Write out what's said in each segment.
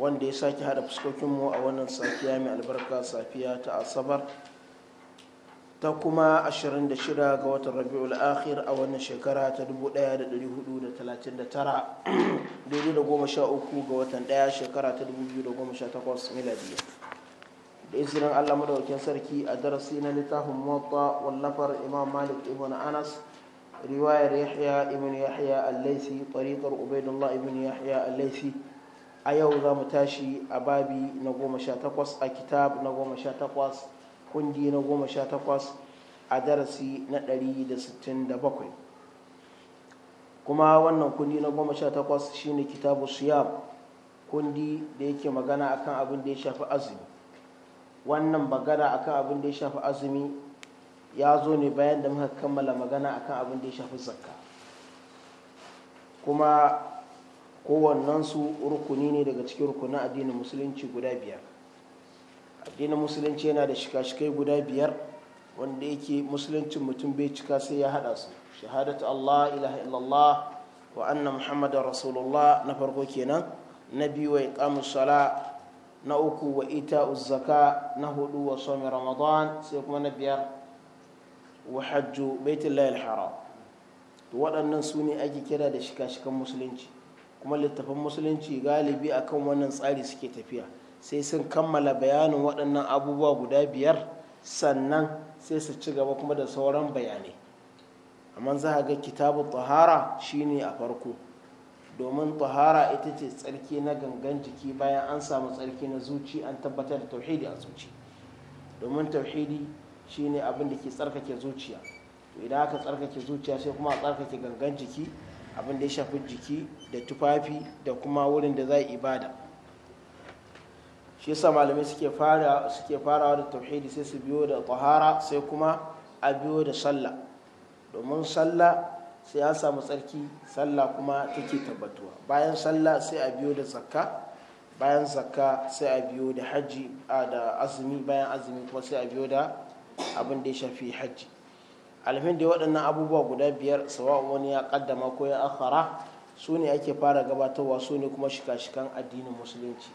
wanda ya sake hada fuskokinmu a wannan safiya mai albarka safiya ta asabar ta kuma 26 ga watan rabi'ul akhir a wannan shekara ta 1439 daidai da goma sha uku ga watan daya shekara ta 2018 miladiya da izinin allah madaukakin sarki a darasi na littafin mota wallafar imam malik ibn anas riwayar yahya ibn yahya al-laisi tariqar ubaidullah ibn yahya al-laisi a yau za mu tashi a babi na goma sha takwas a kitab na goma sha takwas kundi na goma sha takwas a darasi na ɗari da sittin da bakwai kuma wannan kundi na goma sha takwas shi ne kitabu siyam kundi da yake magana akan abin da ya shafi azumi wannan magana akan abin da ya shafi azumi ya zo ne bayan da muka kammala magana akan abin da ya shafi zakka kuma kowannensu rukuni ne daga cikin rukunin addinin musulunci guda biyar addinin musulunci yana da shika-shikai guda biyar wanda yake musuluncin mutum bai cika sai ya hada su shahadatu allah ilaha illallah wa anna muhammadar rasulullah na farko kenan na biyu wa iqamus sala na uku wa ita uzaka, na hudu wa somi ramadan sai kuma na biyar wa hajju baitullahi haram to waɗannan su ne ake kira da shika-shikan musulunci kuma littafin musulunci galibi akan wannan tsari suke tafiya sai sun kammala bayanin waɗannan abubuwa guda biyar sannan sai su ci gaba kuma da sauran bayanai amma za a ga kitabun tahara shine a farko domin tahara ita ce tsarki na gangan jiki bayan an samu tsarki na zuci an tabbatar da tauhidi a zuci domin tauhidi shine abin da ke tsarkake zuciya to idan aka tsarkake zuciya sai kuma a tsarkake gangan jiki abin da ya shafi jiki da tufafi da kuma wurin da za a ibada shi yasa malamai suke fara suke farawa da tauhidi sai su biyo da tahara sai kuma a biyo da sallah domin sallah sai an samu tsarki sallah kuma take tabbatuwa bayan sallah sai a biyo da zakka bayan zakka sai a biyo da hajji da azumi bayan azumi kuma sai a biyo da abin da ya shafi hajji alfin da waɗannan abubuwa guda biyar sawa wani ya kaddama ko ya akhara su ne ake fara gabatarwa su ne kuma shika-shikan addinin musulunci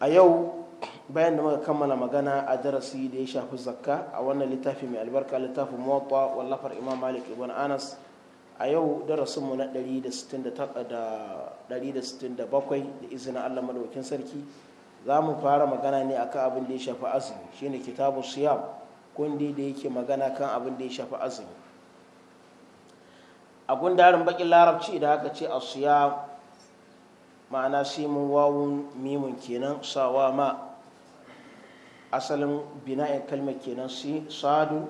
a yau bayan da muka kammala magana a darasi da ya shafi zakka a wannan littafi mai albarka littafin muwatta wallafar imam malik ibn anas a yau darasinmu na 167 da izinin allah madaukin sarki za mu fara magana ne akan abin da ya shafi azumi shine kitabu siyam kundi da yake magana kan abin da ya shafi azumi a gundarin bakin larabci da haka ce a suya ma'ana simin wawun mimun kenan sawa ma asalin bina'in kalmar kenan si sadun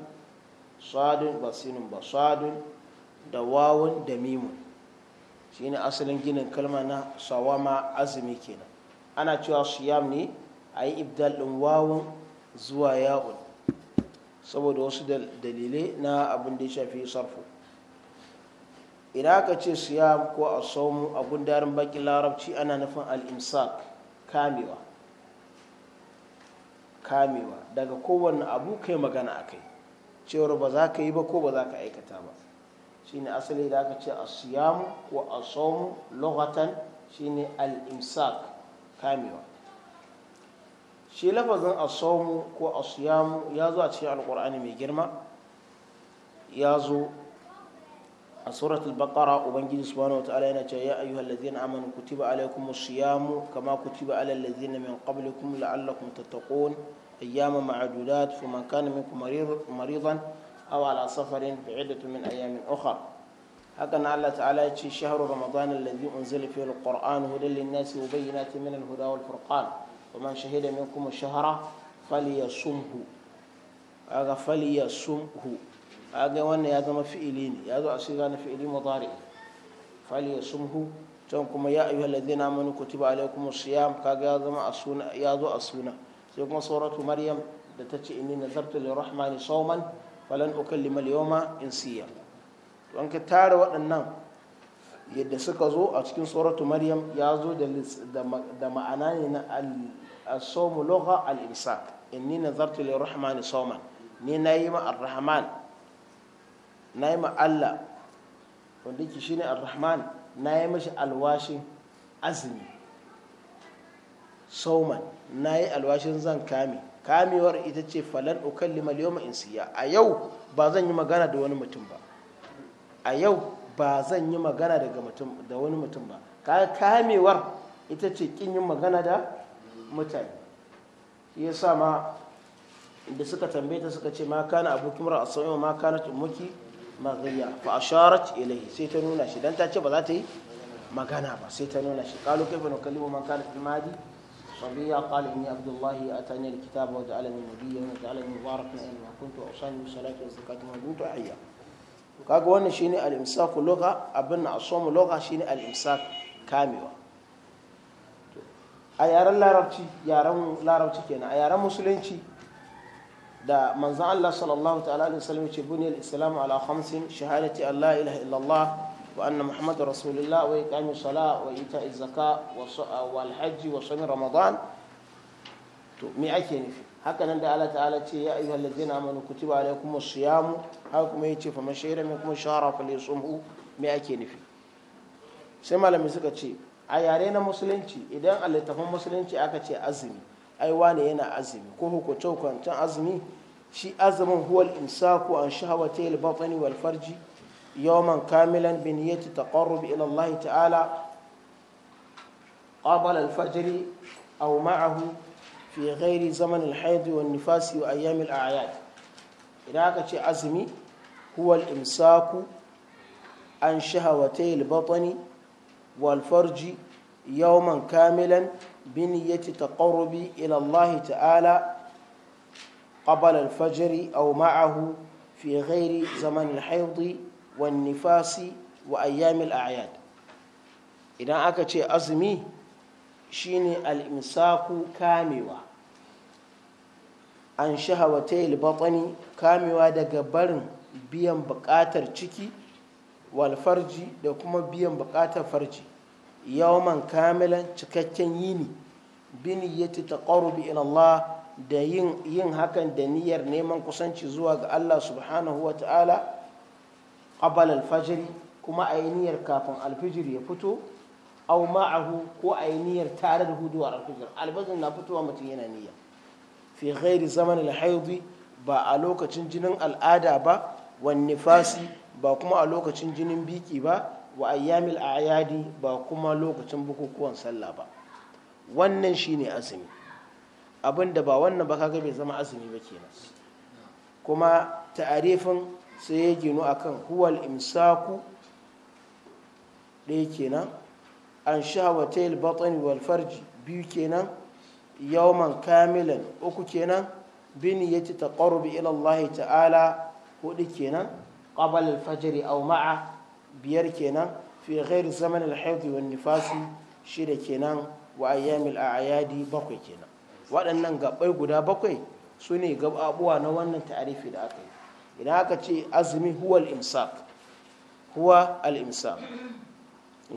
sadun ba sinin ba sadun da wawun da mimun ne asalin ginin kalma na sawa ma azumi kenan ana cewa siyam ne a yi ibdal ɗin wawun zuwa ya'un saboda wasu dalilai na abin da ya shafi sarfu idan aka ce siyam ko a saumu a gundarin bakin larabci ana nufin al'imsak kamewa kamewa daga kowane abu kai magana a kai cewar ba za ka yi ba ko ba za ka aikata ba Shi ne asali da aka ce a Siyam ko a saumu lokatan ne al'imsak kamewa shi lafazin asomu ko asiyamu ya zo a cikin alkur'ani mai girma ya zo a suratul baqara ubangiji subhanahu wata'ala yana cewa ya ayyuhal ladzina amanu kutiba alaykum asiyamu kama kutiba alal ladzina min qablikum la'allakum tattaqun ayyama ma'dudat fa man kana minkum maridan aw ala safarin bi iddatin min ayamin ukhra haka na Allah ta'ala ya ce shahru ramadan alladhi unzila fihi alqur'an hudan lin-nasi wa bayyinatin min al-huda wal-furqan ومن شهد منكم الشهر فليصمه أغا فليصمه أغا وانا يا زما فعلين يا زو أسيغان فعلين مضارع فليصمه تنكم يا أيها الذين آمنوا كتب عليكم الصيام كاغا يا زما أسونا يا زو أسونا سيكون سورة مريم لتتي إني نذرت للرحمن صوما فلن أكلم اليوم إنسيا وأنك تارى وأنا yadda suka zo a cikin suratu maryam ya zo da ma'ana ne na as-sawmu lugha al-imsak inni nazartu lir-rahmani sawman ni yi ma ar-rahman yi ma Allah wanda yake shine ar-rahman nayi mashi alwashi azumi sauman na yi alwashin zan kame kamewar ita ce falan ukallima liyoma siya. a yau ba zan yi magana da wani mutum ba a yau ba zan yi magana da wani mutum ba kamewar ita ce kin yin magana da mutane shi ya sa ma da suka tambaye ta suka ce ma kana abokin mura a sauyin ma kana tumuki magayya fa asharat ilai sai ta nuna shi dan ta ce ba za ta yi magana ba sai ta nuna shi qalu kayfa nukallimu man kana fil madi قال إني عبد الله أتاني الكتاب وجعلني نبيا وجعلني مباركا أينما كنت وأوصاني بالصلاة والزكاة ما دمت حيا kaga wannan shine al-imsak lugha abin asom lugha kamewa a yaren larabci yaren larabci kenan a yaren musulunci da manzon Allah sallallahu ta'ala alaihi wasallam ce buniyal islam ala khamsin shahadati Allah ilaha illallah wa anna muhammadar rasulullah wa iqami sala wa zaka wa hajj wa sami ramadan to me ake nufi haka nan da Allah ta'ala ce ya ayyuhal ladzina amanu kutiba alaykum as-siyamu haka kuma yace fa man shahira minkum shahra falyasumhu me ake nufi sai malami suka ce a yare na musulunci idan a littafin musulunci aka ce azumi ai wane yana azumi ko hukunce hukuncen azumi shi azumin huwal imsaku an shahawati al-batni wal farji yawman kamilan bi niyyati taqarrub ila Allah ta'ala qabla al-fajr aw ma'ahu fi ghairi zaman al-hayd wan nifas wa ayyam al-a'yad idan aka ce azumi huwal imsaku an shahawati al والفرج يوما كاملا بنية تقرب إلى الله تعالى قبل الفجر أو معه في غير زمن الحيض والنفاس وأيام الأعياد إذا أكتش أزمي شيني الإمساك كاموا عن شهوتي البطن كاموا دقبر biyan buƙatar ciki Walfarji da kuma biyan bukatar farji yawman kamilan cikakken yini bin yati taqarrubi ila Allah da yin hakan da niyyar neman kusanci zuwa ga Allah subhanahu wa ta'ala qabala al kuma ayi niyyar kafin alfijir ya fito aw ma'ahu ko ayi niyyar tare da huduwar alfijir alfajir na fitowa mutum yana niyya fi ghairi zaman al ba a lokacin jinin al'ada ba wan nifasi ba kuma a lokacin jinin biki ba wa ayyamil ayadi ba kuma lokacin bukukuwan sallah ba wannan shine azumi abinda ba wannan ba kaga bai zama azumi ba kenan kuma ta'arifin sai ya ginu akan huwal imsaku ɗaya kenan an shahawatai batani wal farji biyu kenan yawman kamilan uku kenan bin ya ci taƙarubi ilallahi ta'ala hudu kenan qabala al auma'a aw ma'a biyar kenan fi ghairi zaman al-hayd wan nifasi shida kenan wa ayyamil a'yadi bakwai kenan waɗannan gabbai guda bakwai su ne na wannan ta'arifi da aka yi idan aka ce azumi huwa al-imsak huwa al-imsak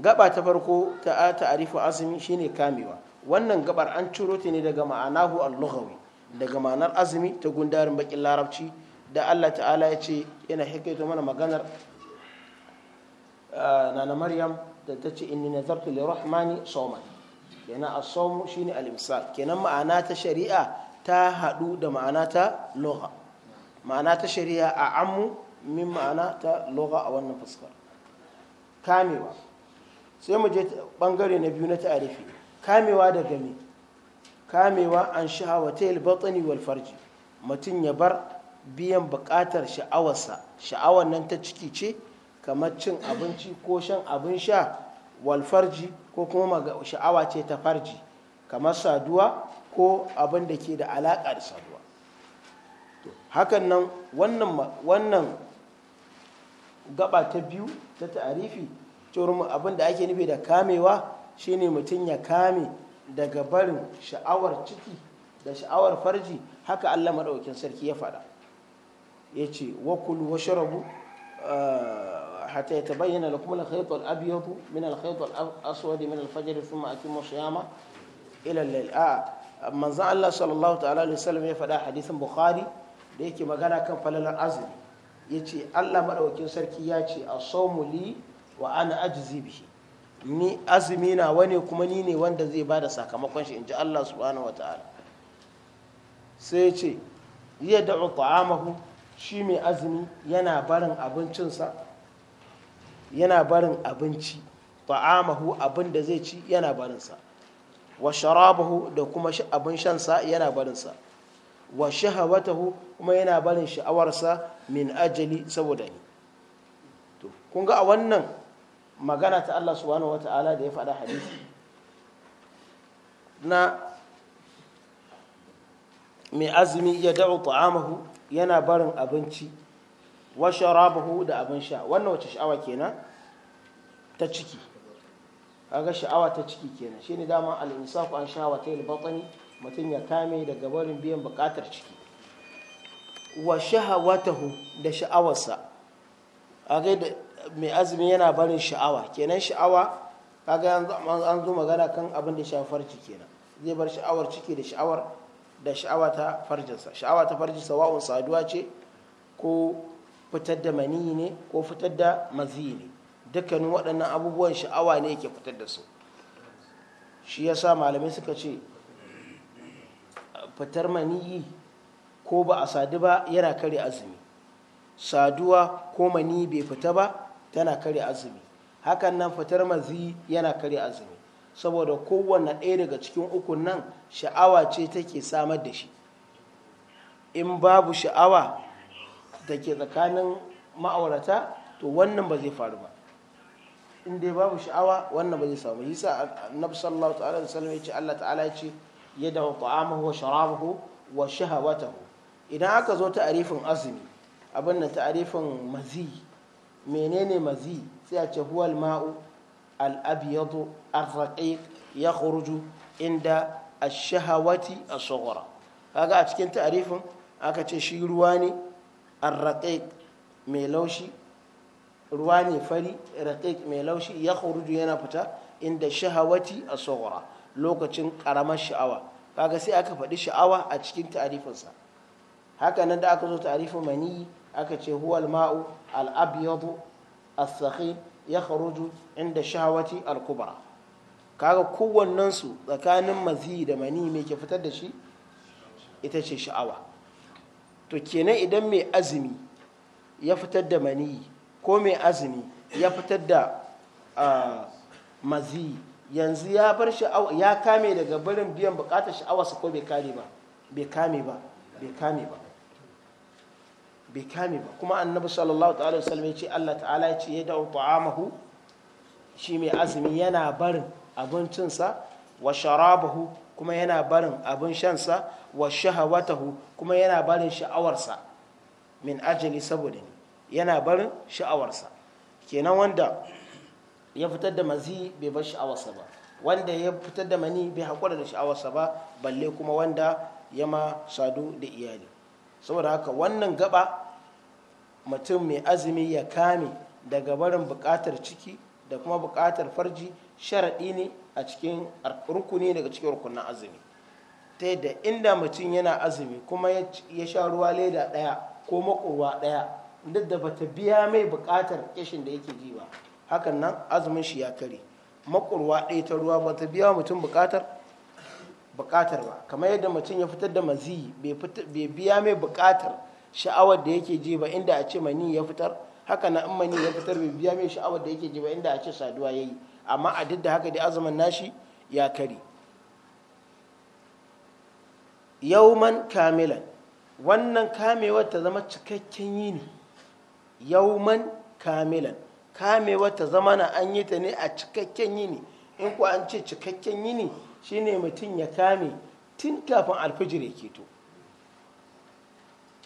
gaba ta farko ta ta'arifu azumi shine kamewa wannan gabar an ciro ta ne daga ma'anahu al-lughawi daga ma'anar azumi ta gundarin bakin larabci da Allah ta'ala ya ce yana hikaito mana maganar ah, nana maryam da ta ce inni nazartu lirahmani sawman kenan as-sawm shine al-imsak kenan ma'ana ta shari'a ta hadu da ma'ana ta lugha ma'ana ta shari'a a ammu min ma'ana ta lugha a wannan fuskar kamewa sai mu je bangare na biyu na ta'arifi kamewa daga me kamewa an ta al-batni wal farji mutum ya bar biyan bukatar sha'awarsa sha'awar nan ta ciki ce kamar cin abinci ko shan abin sha walfarji ko kuma sha'awa ce ta farji kamar saduwa ko abin da ke da alaƙa da saduwa hakan nan wannan gaba ta biyu ta ta'arifi cewar abin da ake nufi da kamewa shine mutum ya kame daga barin sha'awar ciki da sha'awar farji haka allah maɗaukin sarki ya faɗa ya ce wakulu wa sharabu حتى يتبين لكم kuma الأبيض من الخيط الأسود من الفجر ثم أتم الصيام إلى الليل آه من زعل Allah صلى الله تعالى عليه وسلم يفدا حديث Bukhari da yake magana kan falalar azumi ya ce allah maɗaukin sarki ya ce a saumu li wa ana ajizi bihi ni azumi na wani kuma ni ne wanda zai ba da sakamakon shi in ji allah subhanahu wa ta'ala sai ya ce yadda ta'amahu shi mai azumi yana barin abincinsa yana barin abinci ta'amahu abin da zai ci yana barinsa wa sharabahu da kuma abin shansa yana barinsa wa shahawatahu kuma yana barin sha'awarsa min ajali saboda ni to kun ga a wannan magana ta Allah subhanahu wata'ala da ya faɗa hadisi na mai azumi ya da'u ta'amahu yana barin abinci wa sharabahu da abin sha wannan wace sha'awa kenan ta ciki kaga sha'awa ta ciki kenan shine dama al-insafu an sha'awa ta batsani, mutum ya kame daga barin biyan bukatar ciki wa hu da sha'awarsa ga da mai azumi yana barin sha'awa kenan sha'awa kaga an zo magana kan abin da shafar ciki kenan zai bar sha'awar ciki da sha'awar da sha'awa ta farjinsa sha'awa ta farji sawa'un saduwa ce ko fitar da mani ne ko fitar da mazi ne dukkanin waɗannan abubuwan sha'awa ne yake fitar da su shi ya sa malamai suka ce fitar maniyi ko ba a sadu ba yana kare azumi saduwa ko mani bai fita ba tana kare azumi hakan nan fitar mazi yana kare azumi saboda kowane ɗaya daga cikin ukun nan sha'awa ce take samar da shi in babu sha'awa da ke tsakanin ma'aurata to wannan ba zai faru ba in dai babu sha'awa wannan ba zai samu yi sa annabi sallallahu ta'ala da ya ce Allah ta'ala ya ce yadda wa ta'amahu wa sharabahu wa shahawatahu idan aka zo ta'arifin azumi abin da ta'arifin mazi menene mazi sai a ce huwal ma'u الأبيض الرقيق يخرج عند الشهوة الصغرى هذا أتكين تعريف أكتش شي رواني الرقيق ميلوشي رواني فري رقيق ميلوشي يخرج ينفتا عند الشهوة الصغرى لوكتشن قرم الشعوة kaga sai aka faɗi sha'awa a cikin ta'arifinsa haka nan da aka zo ta'arifin mani aka ce huwal ma'u al-abyadu as-sakhim ya kharuju inda shahawati al-kubra kaga kowannen su tsakanin mazi da mani me ke fitar da shi ita ce sha'awa to kenan idan mai azumi ya fitar da mani ko mai azumi ya fitar da mazi yanzu ya bar sha'awa ya kame daga barin biyan bukatar sha'awa su ko bai kame ba bai kame ba bai kame ba bai kame ba kuma annabi sallallahu ta'ala sallam ya ce Allah ta'ala ya ce ya da'u ta'amahu shi mai azumi yana barin abincinsa wa sharabahu kuma yana barin abin shansa wa shahawatahu kuma yana barin sha'awarsa min ajali saboda ni yana barin sha'awarsa kenan wanda ya fitar da mazi bai bar sha'awarsa ba wanda ya fitar da mani bai haƙura da sha'awarsa ba balle kuma wanda ya ma sadu da iyali saboda haka wannan gaba mutum mai azumi ya kame daga barin buƙatar ciki da kuma buƙatar farji sharaɗi ne a cikin rukuni daga cikin rukunin azumi ta yadda inda mutum yana azumi kuma ya sha ruwa leda ɗaya ko makurwa ɗaya duk da bata biya mai buƙatar ƙishin da yake ji ba hakan nan azumin shi ya kare makurwa ɗaya ta ruwa bata biya mutum buƙatar buƙatar ba kamar yadda mutum ya fitar da maziyi bai biya mai bukatar sha'awar da yake ji ba inda a ce mani ya fitar haka na in mani ya fitar bai biya mai sha'awar da yake ji ba inda a ce saduwa ya yi amma a duk da haka da azumin nashi ya kare yauman kamilan wannan kamewar ta zama cikakken yini yauman kamilan kamewar ta zama na an yi ta ne a cikakken yini in ku an ce cikakken yini shine mutum ya kame tun kafin alfijir ya keto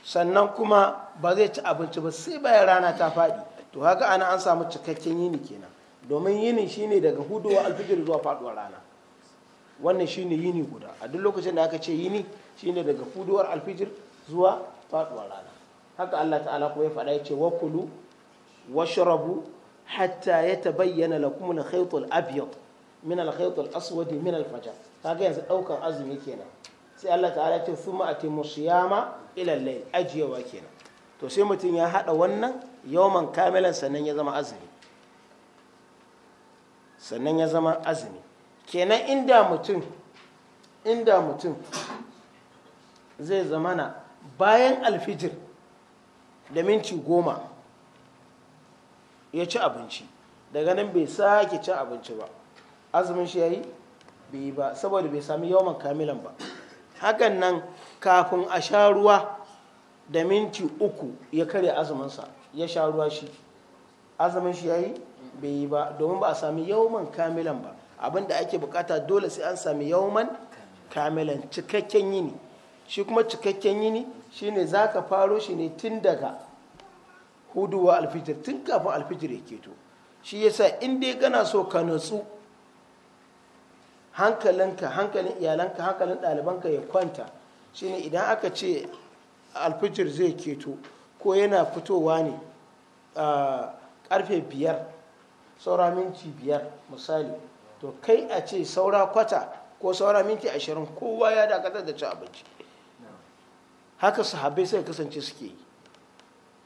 sannan kuma ba zai ci abinci ba sai bayan rana ta faɗi to haka ana an samu cikakken yini kenan domin yini shine daga hudowa alfijir zuwa faɗuwar rana wannan shine yini guda a duk lokacin da aka ce yini shine daga hudowar alfijir zuwa faɗuwar rana haka Allah ta'ala kuma ya faɗa ya ce wakulu washrabu hatta yatabayyana lakum al-khayt al-abyad min al-khayt al-aswad min al kaga yanzu daukan azumi kenan sai Allah ta'ala ce thumma atimu siyama ila al-layl ajiyawa kenan to sai mutum ya hada wannan yawman kamilan sannan ya zama azumi sannan ya zama azumi kenan inda mutum inda mutum zai zamana bayan alfijir da minti goma ya ci abinci daga nan bai sake ci abinci ba azumin shi yi bai yi ba saboda bai sami yauman kamilan ba hakan nan kafin a sha ruwa da minti uku ya karya azuminsa ya sha ruwa shi azumin shi yi bai yi ba domin ba a sami yawman kamilan ba abin da ake bukata dole sai an sami yawman kamilan cikakken yini shi kuma cikakken yini shi ne za ka faro shi ne tun daga huduwa alfijir tun kafin alfijir ya keto shi yasa in dai kana so ka natsu hankalinka hankalin iyalanka hankalin ɗalibanka ya kwanta shine idan aka ce alfijir zai keto ko yana fitowa ne a karfe biyar saura minti biyar misali to kai a ce saura kwata ko saura minti ashirin kowa ya dakatar da ci abinci haka sahabbai sai kasance suke yi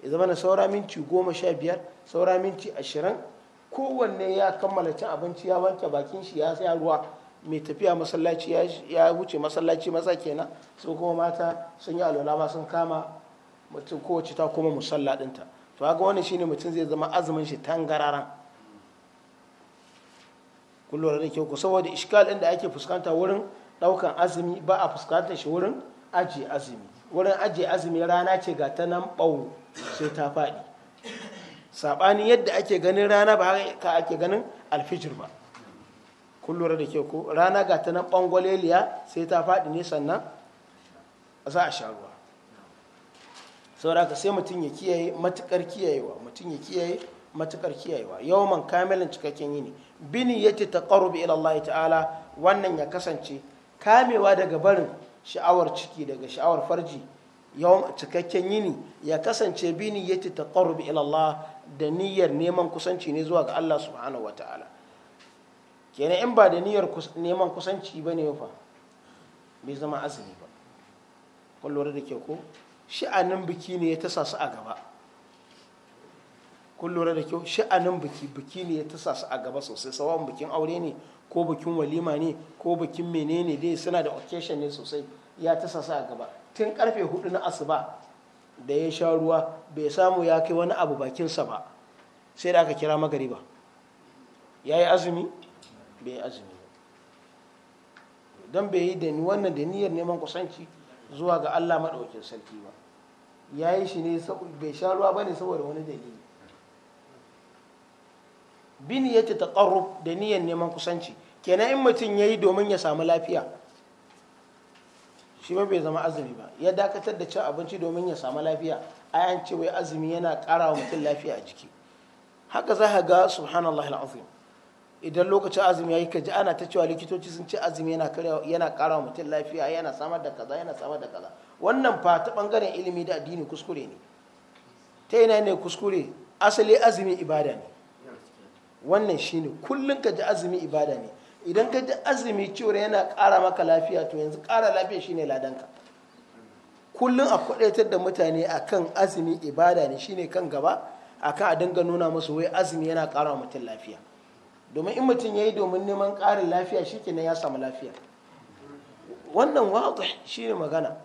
ya zama na saura minti goma sha biyar saura minti ashirin kowanne ya kammala cin abinci ya wanke bakin shi ya sai ruwa mai tafiya masallaci ya wuce masallaci maza kenan sun kuma mata sun yi alwala ma sun kama mutum kowace ta kuma musalla dinta to haka wani shine mutum zai zama azumin shi tangararan kullum da kyau saboda iskal ɗin da ake fuskanta wurin ɗaukan azumi ba a fuskanta shi wurin ajiye azumi wurin ajiye azumi rana ce ga ta nan bawo sai ta faɗi saɓanin yadda ake ganin rana ba ka ake ganin alfijir ba kun da ke ko rana ga ta nan ɓangwaleliya sai ta faɗi ne sannan za a sha ruwa sauraka sai mutum ya kiyaye matukar kiyayewa mutum ya kiyaye matukar kiyayewa man kamilin cikakken yini bini ya ce ta ƙarubi ilallah ta'ala wannan ya kasance kamewa daga barin sha'awar ciki daga sha'awar farji yawan cikakken yini ya kasance bini ya ce ta ƙarubi ilallah da niyyar neman kusanci ne zuwa ga allah subhanahu wa ta'ala kenan in ba da niyyar neman kusanci ba ne fa bai zama azumi ba kun da ke ko sha'anin biki ne ya tasa su a gaba kun da kyau sha'anin biki biki ne ya tasa su a gaba sosai sawan bikin aure ne ko bikin walima ne ko bikin menene dai suna da occasion ne sosai ya tasa su a gaba tun karfe hudu na asuba da ya sha ruwa bai samu ya kai wani abu bakinsa ba sai da aka kira magariba ya yi azumi bai azumi don bai yi da wannan da niyyar neman kusanci zuwa ga Allah maɗaukin sarki ba ya yi shi ne bai sha ruwa ba ne saboda wani dalili bin ya ce taƙarru da niyyar neman kusanci kenan in mutum ya yi domin ya samu lafiya shi ba bai zama azumi ba ya dakatar da cin abinci domin ya samu lafiya ayan ce wai azumi yana ƙara wa mutum lafiya a jiki haka za ga subhanallah al'azim idan lokacin azumi ya yi ka ji ana ta cewa likitoci sun ce azumi yana kara mutum lafiya yana samar da kaza yana samar da kaza wannan fa ta bangaren ilimi da addini kuskure ne ta yana ne kuskure asali azumi ibada ne wannan shine kullum ka ji azumi ibada ne idan ka ji azumi cewar yana kara maka lafiya to yanzu kara lafiya shine ladanka kullum a kwadaitar da mutane akan azumi ibada ne shine kan gaba akan a dinga nuna musu wai azumi yana kara mutum lafiya domin in mutum ya yi domin neman ƙarin lafiya shi kenan ya samu lafiya wannan wata shi ne magana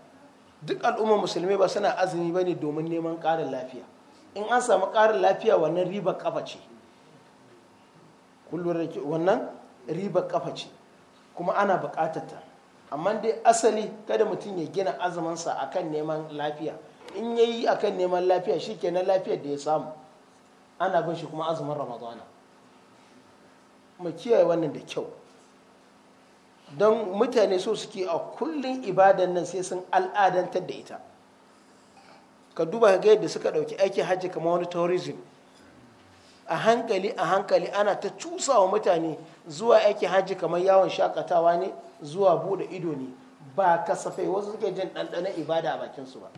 duk al'ummar musulmi ba suna azumi ba ne domin neman ƙarin lafiya in an samu ƙarin lafiya wannan ribar kafa ce wannan ribar kafa ce kuma ana buƙatar ta amma dai asali kada mutum ya gina azumansa akan neman lafiya in ya yi akan neman lafiya shi ke na lafiyar da ya samu ana bin shi kuma azumin ramadana mu kiyaye wannan da kyau don mutane so suke a kullum ibadan nan sai sun al'adantar da ita ka duba ga yadda suka ɗauki aikin hajji kama wani tourism a hankali a hankali ana ta cusa wa mutane zuwa aikin hajji kamar yawon shakatawa ne zuwa bude ido ne ba kasafai wasu suke jin ɗanɗanon ibada a bakin su ba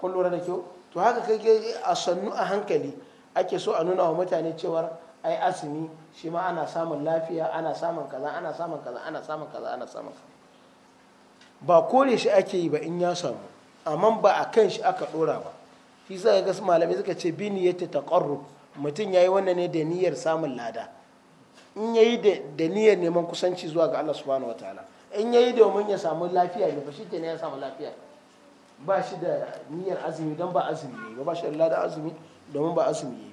kun lura da kyau to haka kai a sannu a hankali ake so a nuna wa mutane cewar ai asimi shi ma ana samun lafiya ana samun kaza ana samun kaza ana samun kaza ana samun kaza ba kore shi ake yi ba in ya samu amma ba a kan shi aka dora ba shi sa ga malamai suka ce bi niyyata taqarrub mutum yayi wannan ne da niyyar samun lada in yayi da niyyar neman kusanci zuwa ga Allah subhanahu wataala in yayi domin ya samu lafiya ne ba shi ne ya samu lafiya ba shi da niyyar azumi don ba azumi ba ba shi da lada azumi domin ba azumi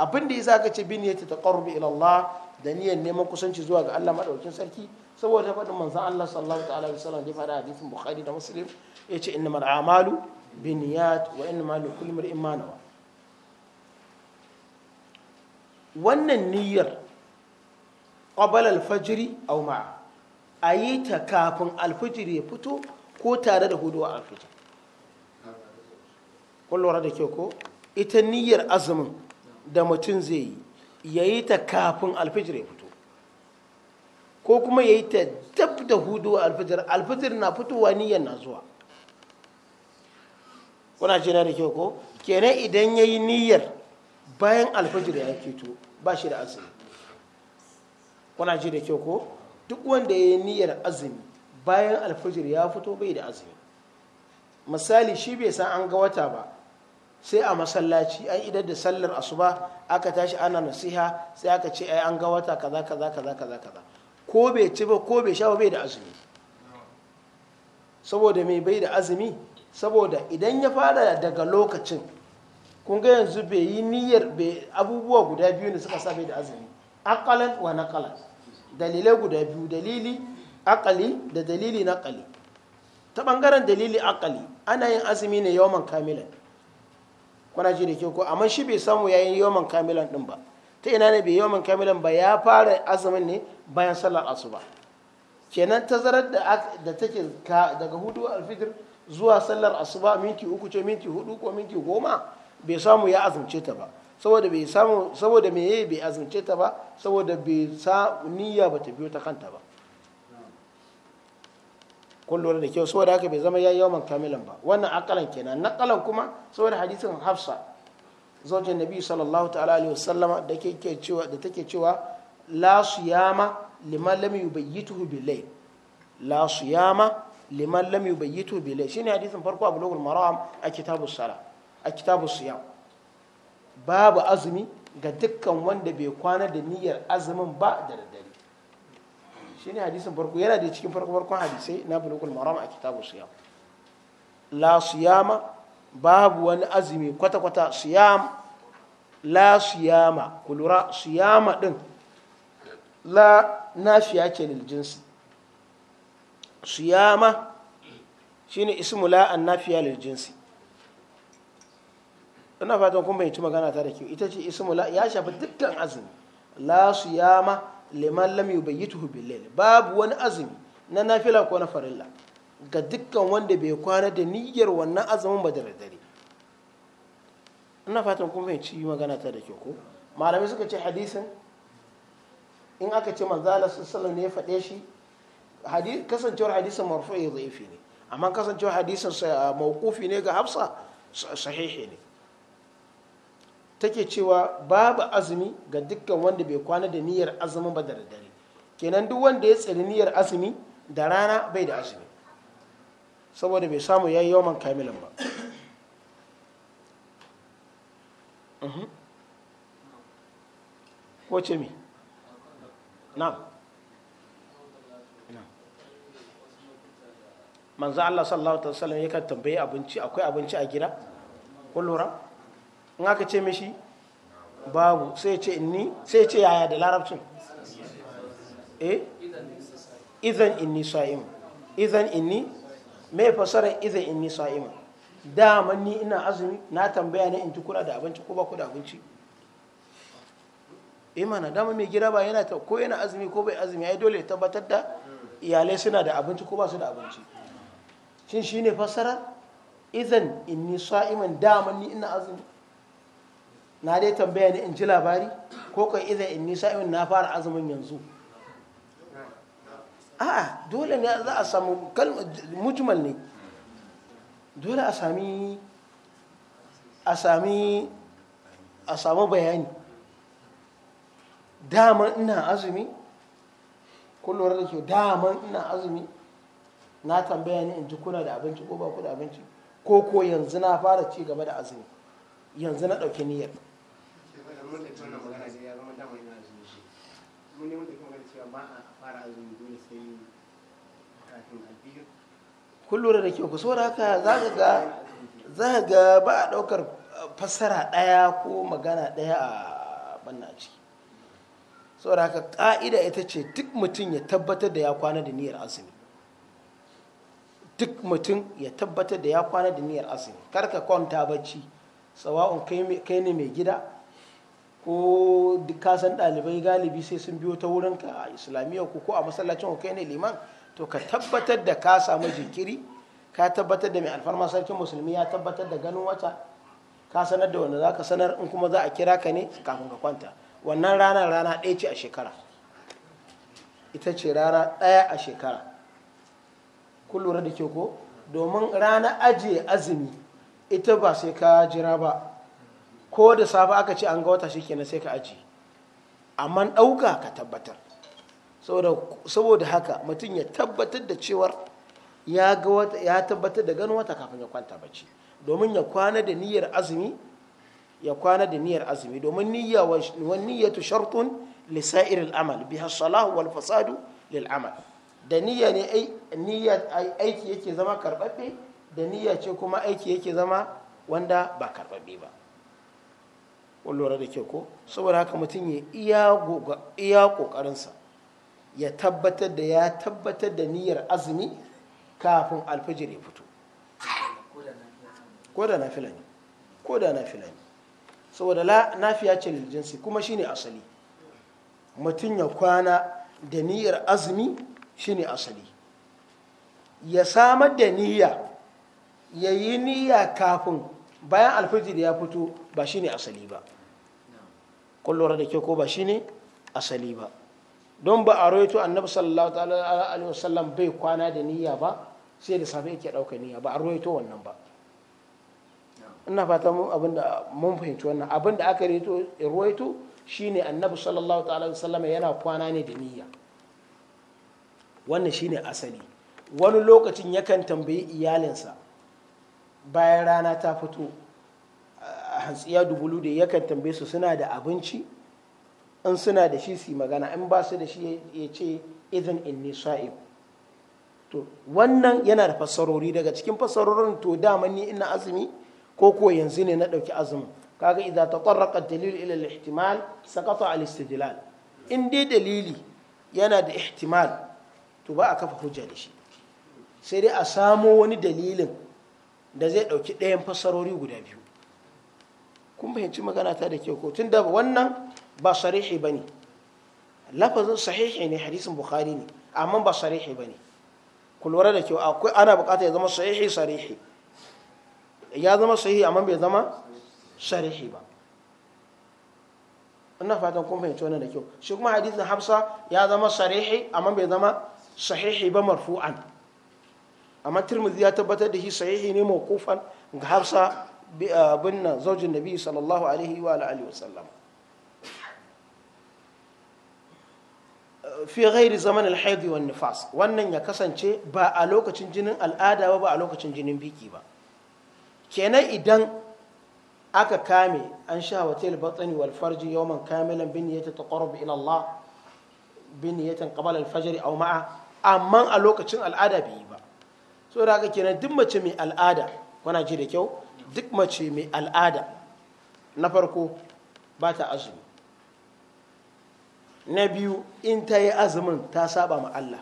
abin da yasa aka ce bin niyyati taqarrubi ila Allah da niyyar neman kusanci zuwa ga Allah madaukakin sarki saboda faɗin manzon Allah sallallahu ta'ala alaihi wasallam da fara hadisin Bukhari da Muslim yace innamal a'malu binniyat wa innamal likulli imrin ma nawa wannan niyyar qabala al-fajr aw ma'a ayi ta kafin al-fajr ya fito ko tare da hudu al-fajr kun lura da kyau ko ita niyyar azumin da mutum zai yi ya yi ta kafin alfijir ya fito ko kuma ya yi ta dab da hudu alfijir alfijir na fitowa niyyar na zuwa kuna ce na da kyau ko kenan idan ya yi niyyar bayan alfijir ya fito ba shi da azumi kuna ce da kyau ko duk wanda ya yi niyyar azumi bayan alfijir ya fito bai da azumi misali shi bai san an ga wata ba sai a masallaci an idar da sallar asuba aka tashi ana nasiha sai aka ce ai an ga wata kaza kaza kaza kaza kaza ko bai ci ba ko bai sha ba bai da azumi saboda mai bai da azumi saboda idan ya fara daga lokacin kun ga yanzu bai yi niyyar abubuwa guda biyu ne suka sa bai da azumi akalan wa nakalan dalilai guda biyu dalili akali da dalili nakali ta bangaren dalili akali ana yin azumi ne yawon kamilan kuna ji da kyau ko amma shi bai samu yi yawan kamilan din ba ta ina ne bai yawan kamilan ba ya fara azumin ne bayan sallar asuba kenan tazarar da da take daga hudu alfitr zuwa sallar asuba minti uku ce minti hudu ko minti goma bai samu ya azumce ta ba saboda bai samu saboda meye bai azumce ta ba saboda bai sa niyya ba ta biyo ta kanta ba kun lura da kyau saboda haka bai zama ya yi yawan kamilan ba wannan akalan kenan na nakalan kuma saboda hadisin hafsa zaujin nabi sallallahu ta'ala alaihi wasallama da take cewa da take cewa la siyama liman lam yubayyituhu bilayl la siyama liman lam yubayyituhu bilayl shine hadisin farko a bulugul maram a kitabus sala a kitabus siyam babu azumi ga dukkan wanda bai kwana da niyyar azumin ba da daddare shine hadisin farko yana da cikin farko farkon hadisai na bulukul maram a kitabu siyam la siyama babu wani azumi kwata kwata siyam la siyama kulura siyama din la nafiya ce lil jinsi siyama shine ismu la an nafiya lil jinsi ina fatan kun bayyanci magana ta da kyau ita ce ismu la ya shafi dukkan azumi la siyama liman lam yubayyituhu bil layl babu wani azumi na nafila ko na farilla ga dukkan wanda bai kwana da niyyar wannan azumin ba da dare ina fatan kun fahimci magana ta da kyau ko malamai suka ce hadisin in aka ce manzo Allah sallallahu ne ya shi kasancewar hadisin marfu'i dhaifi ne amma kasancewar hadisin mawqufi ne ga Hafsa sahihi ne take cewa babu azumi ga dukkan wanda bai kwana da niyyar azumin ba da dare kenan duk wanda ya tsiri niyyar azumi da rana bai da azumi saboda bai samu yayi yawan kamilan ba mhm. ce mi na manzo Allah sallallahu alaihi wasallam kan tambaye abinci akwai abinci a gida kun in aka ce mishi babu sai ce inni sai ce yaya da larabcin eh idan inni sa'im izan inni me fasara izan inni sa'im dama ni ina azumi na tambaya ne in kura da abinci ko ba ku da abinci eh mana dama mai gida ba yana ko yana azumi ko bai azumi ai dole ya tabbatar da iyalai suna da abinci ko ba su da abinci shin shine fasara izan inni sa'iman dama ni ina azumi na dai tambaya ne in ji labari ko kai idan in nisa in na fara azumin yanzu a'a dole ne za a samu mujmal ne dole a sami a sami a samu bayani daman ina azumi kullum da ke daman ina azumi na tambaya ne in ji kuna da abinci ko ba ku da abinci ko ko yanzu na fara ci gaba da azumi yanzu na ɗauki niyyar kullum magana da ya zama dama yana azumi shi mun ne cewa ba a fara azumi dole sai kafin albiyar kun lura da kyau ku saboda haka za ka ga za ka ga ba a ɗaukar fassara ɗaya ko magana ɗaya a banna a ciki saboda haka ƙa'ida ita ce duk mutum ya tabbatar da ya kwana da niyyar azumi duk mutum ya tabbatar da ya kwana da niyyar azumi kar ka kwanta bacci sawa'un kai ne mai gida ko kasan ɗalibai galibi sai sun biyo ta wurinka a islamiyya ko ko a masallacin ku kai ne liman to ka tabbatar da ka samu jinkiri ka tabbatar da mai alfarma sarkin musulmi ya tabbatar da ganin wata ka sanar da wanda za ka sanar in kuma za a kira ka ne kafin ka kwanta wannan rana rana ɗaya ce a shekara ita ce rana ɗaya a shekara kun lura da ke ko domin rana ajiye azumi ita ba sai ka jira ba ko da safe aka ce an ga wata shi kenan sai ka aji amma ɗauka ka tabbatar saboda haka mutum ya tabbatar da cewar ya tabbatar da ganin wata kafin ya kwanta bacci domin ya kwana da niyyar azumi ya kwana da niyyar azumi domin niyya wani niyya niyyatu shartun li sa'iril amal biha salahu wal fasadu lil amal da niyya ne aiki yake zama karbabbe da niyya ce kuma aiki yake zama wanda ba karbabbe ba kun lura da ke ko saboda haka mutum ya iya ƙoƙarinsa ya tabbatar da ya tabbatar da niyyar azumi kafin alfijir ya fito ko da nafila ne ko da nafila ne saboda nafiya ce liljinsi kuma shine asali mutum ya kwana da niyyar azumi shine asali ya samar da niyya ya yi niyya kafin bayan alfijir ya fito ba shine asali ba kullura da ke ko ba shine asali ba don ba a roito annabi sallallahu alaihi wasallam bai kwana da niyya ba sai da safe yake ɗauka niyya ba a roito wannan ba ina fata mun abin da mun fahimci wannan abin da aka rawaito shine annabi sallallahu alaihi wasallam yana kwana ne da niyya wannan shine asali wani lokacin yakan tambayi iyalinsa bayan rana ta fito a hantsiya dubulu da yakan tambaye su suna da abinci in suna da shi su magana in ba su da shi ya ce Izin in sa'im to wannan yana da fassarori daga cikin fassarorin to dama ni ina azumi ko ko yanzu ne na ɗauki azumi. kaga idan tatarraqa dalil ila al-ihtimal saqata al-istidlal in dai dalili yana da ihtimal to ba a kafa hujja da shi sai dai a samo wani dalilin da zai ɗauki ɗayan fassarori guda biyu kun fahimci magana ta da ke ko tun da wannan ba sarihi ba ne lafazin sahihi ne hadisin bukhari ne amma ba sarihi ba ne kulwara da kyau akwai ana bukata ya zama sahihi sarihi ya zama sahihi amma bai zama sarihi ba ina fatan kun fahimci wannan da kyau shi kuma hadisin hafsa ya zama sarihi amma bai zama sahihi ba marfu'an amma tirmidhi ya tabbatar da shi sahihi ne mawqufan ga hafsa ah, bin nan zaujin nabi sallallahu alaihi wa alihi wa sallam fi ghairi zaman al-hayd wan nifas wannan ya kasance ba a lokacin jinin al'ada ba ba a lokacin jinin biki ba kenan idan aka kame an sha watil batni wal farji yawman kamilan bin yata taqarrub ila Allah bin yatan qabla al-fajr aw ma'a amma a lokacin al'ada bai so da haka kenan duk mace mai al'ada kuna ji da kyau duk mace mai al'ada na farko ba ta azumi na biyu in ta yi azumin ta saba ma Allah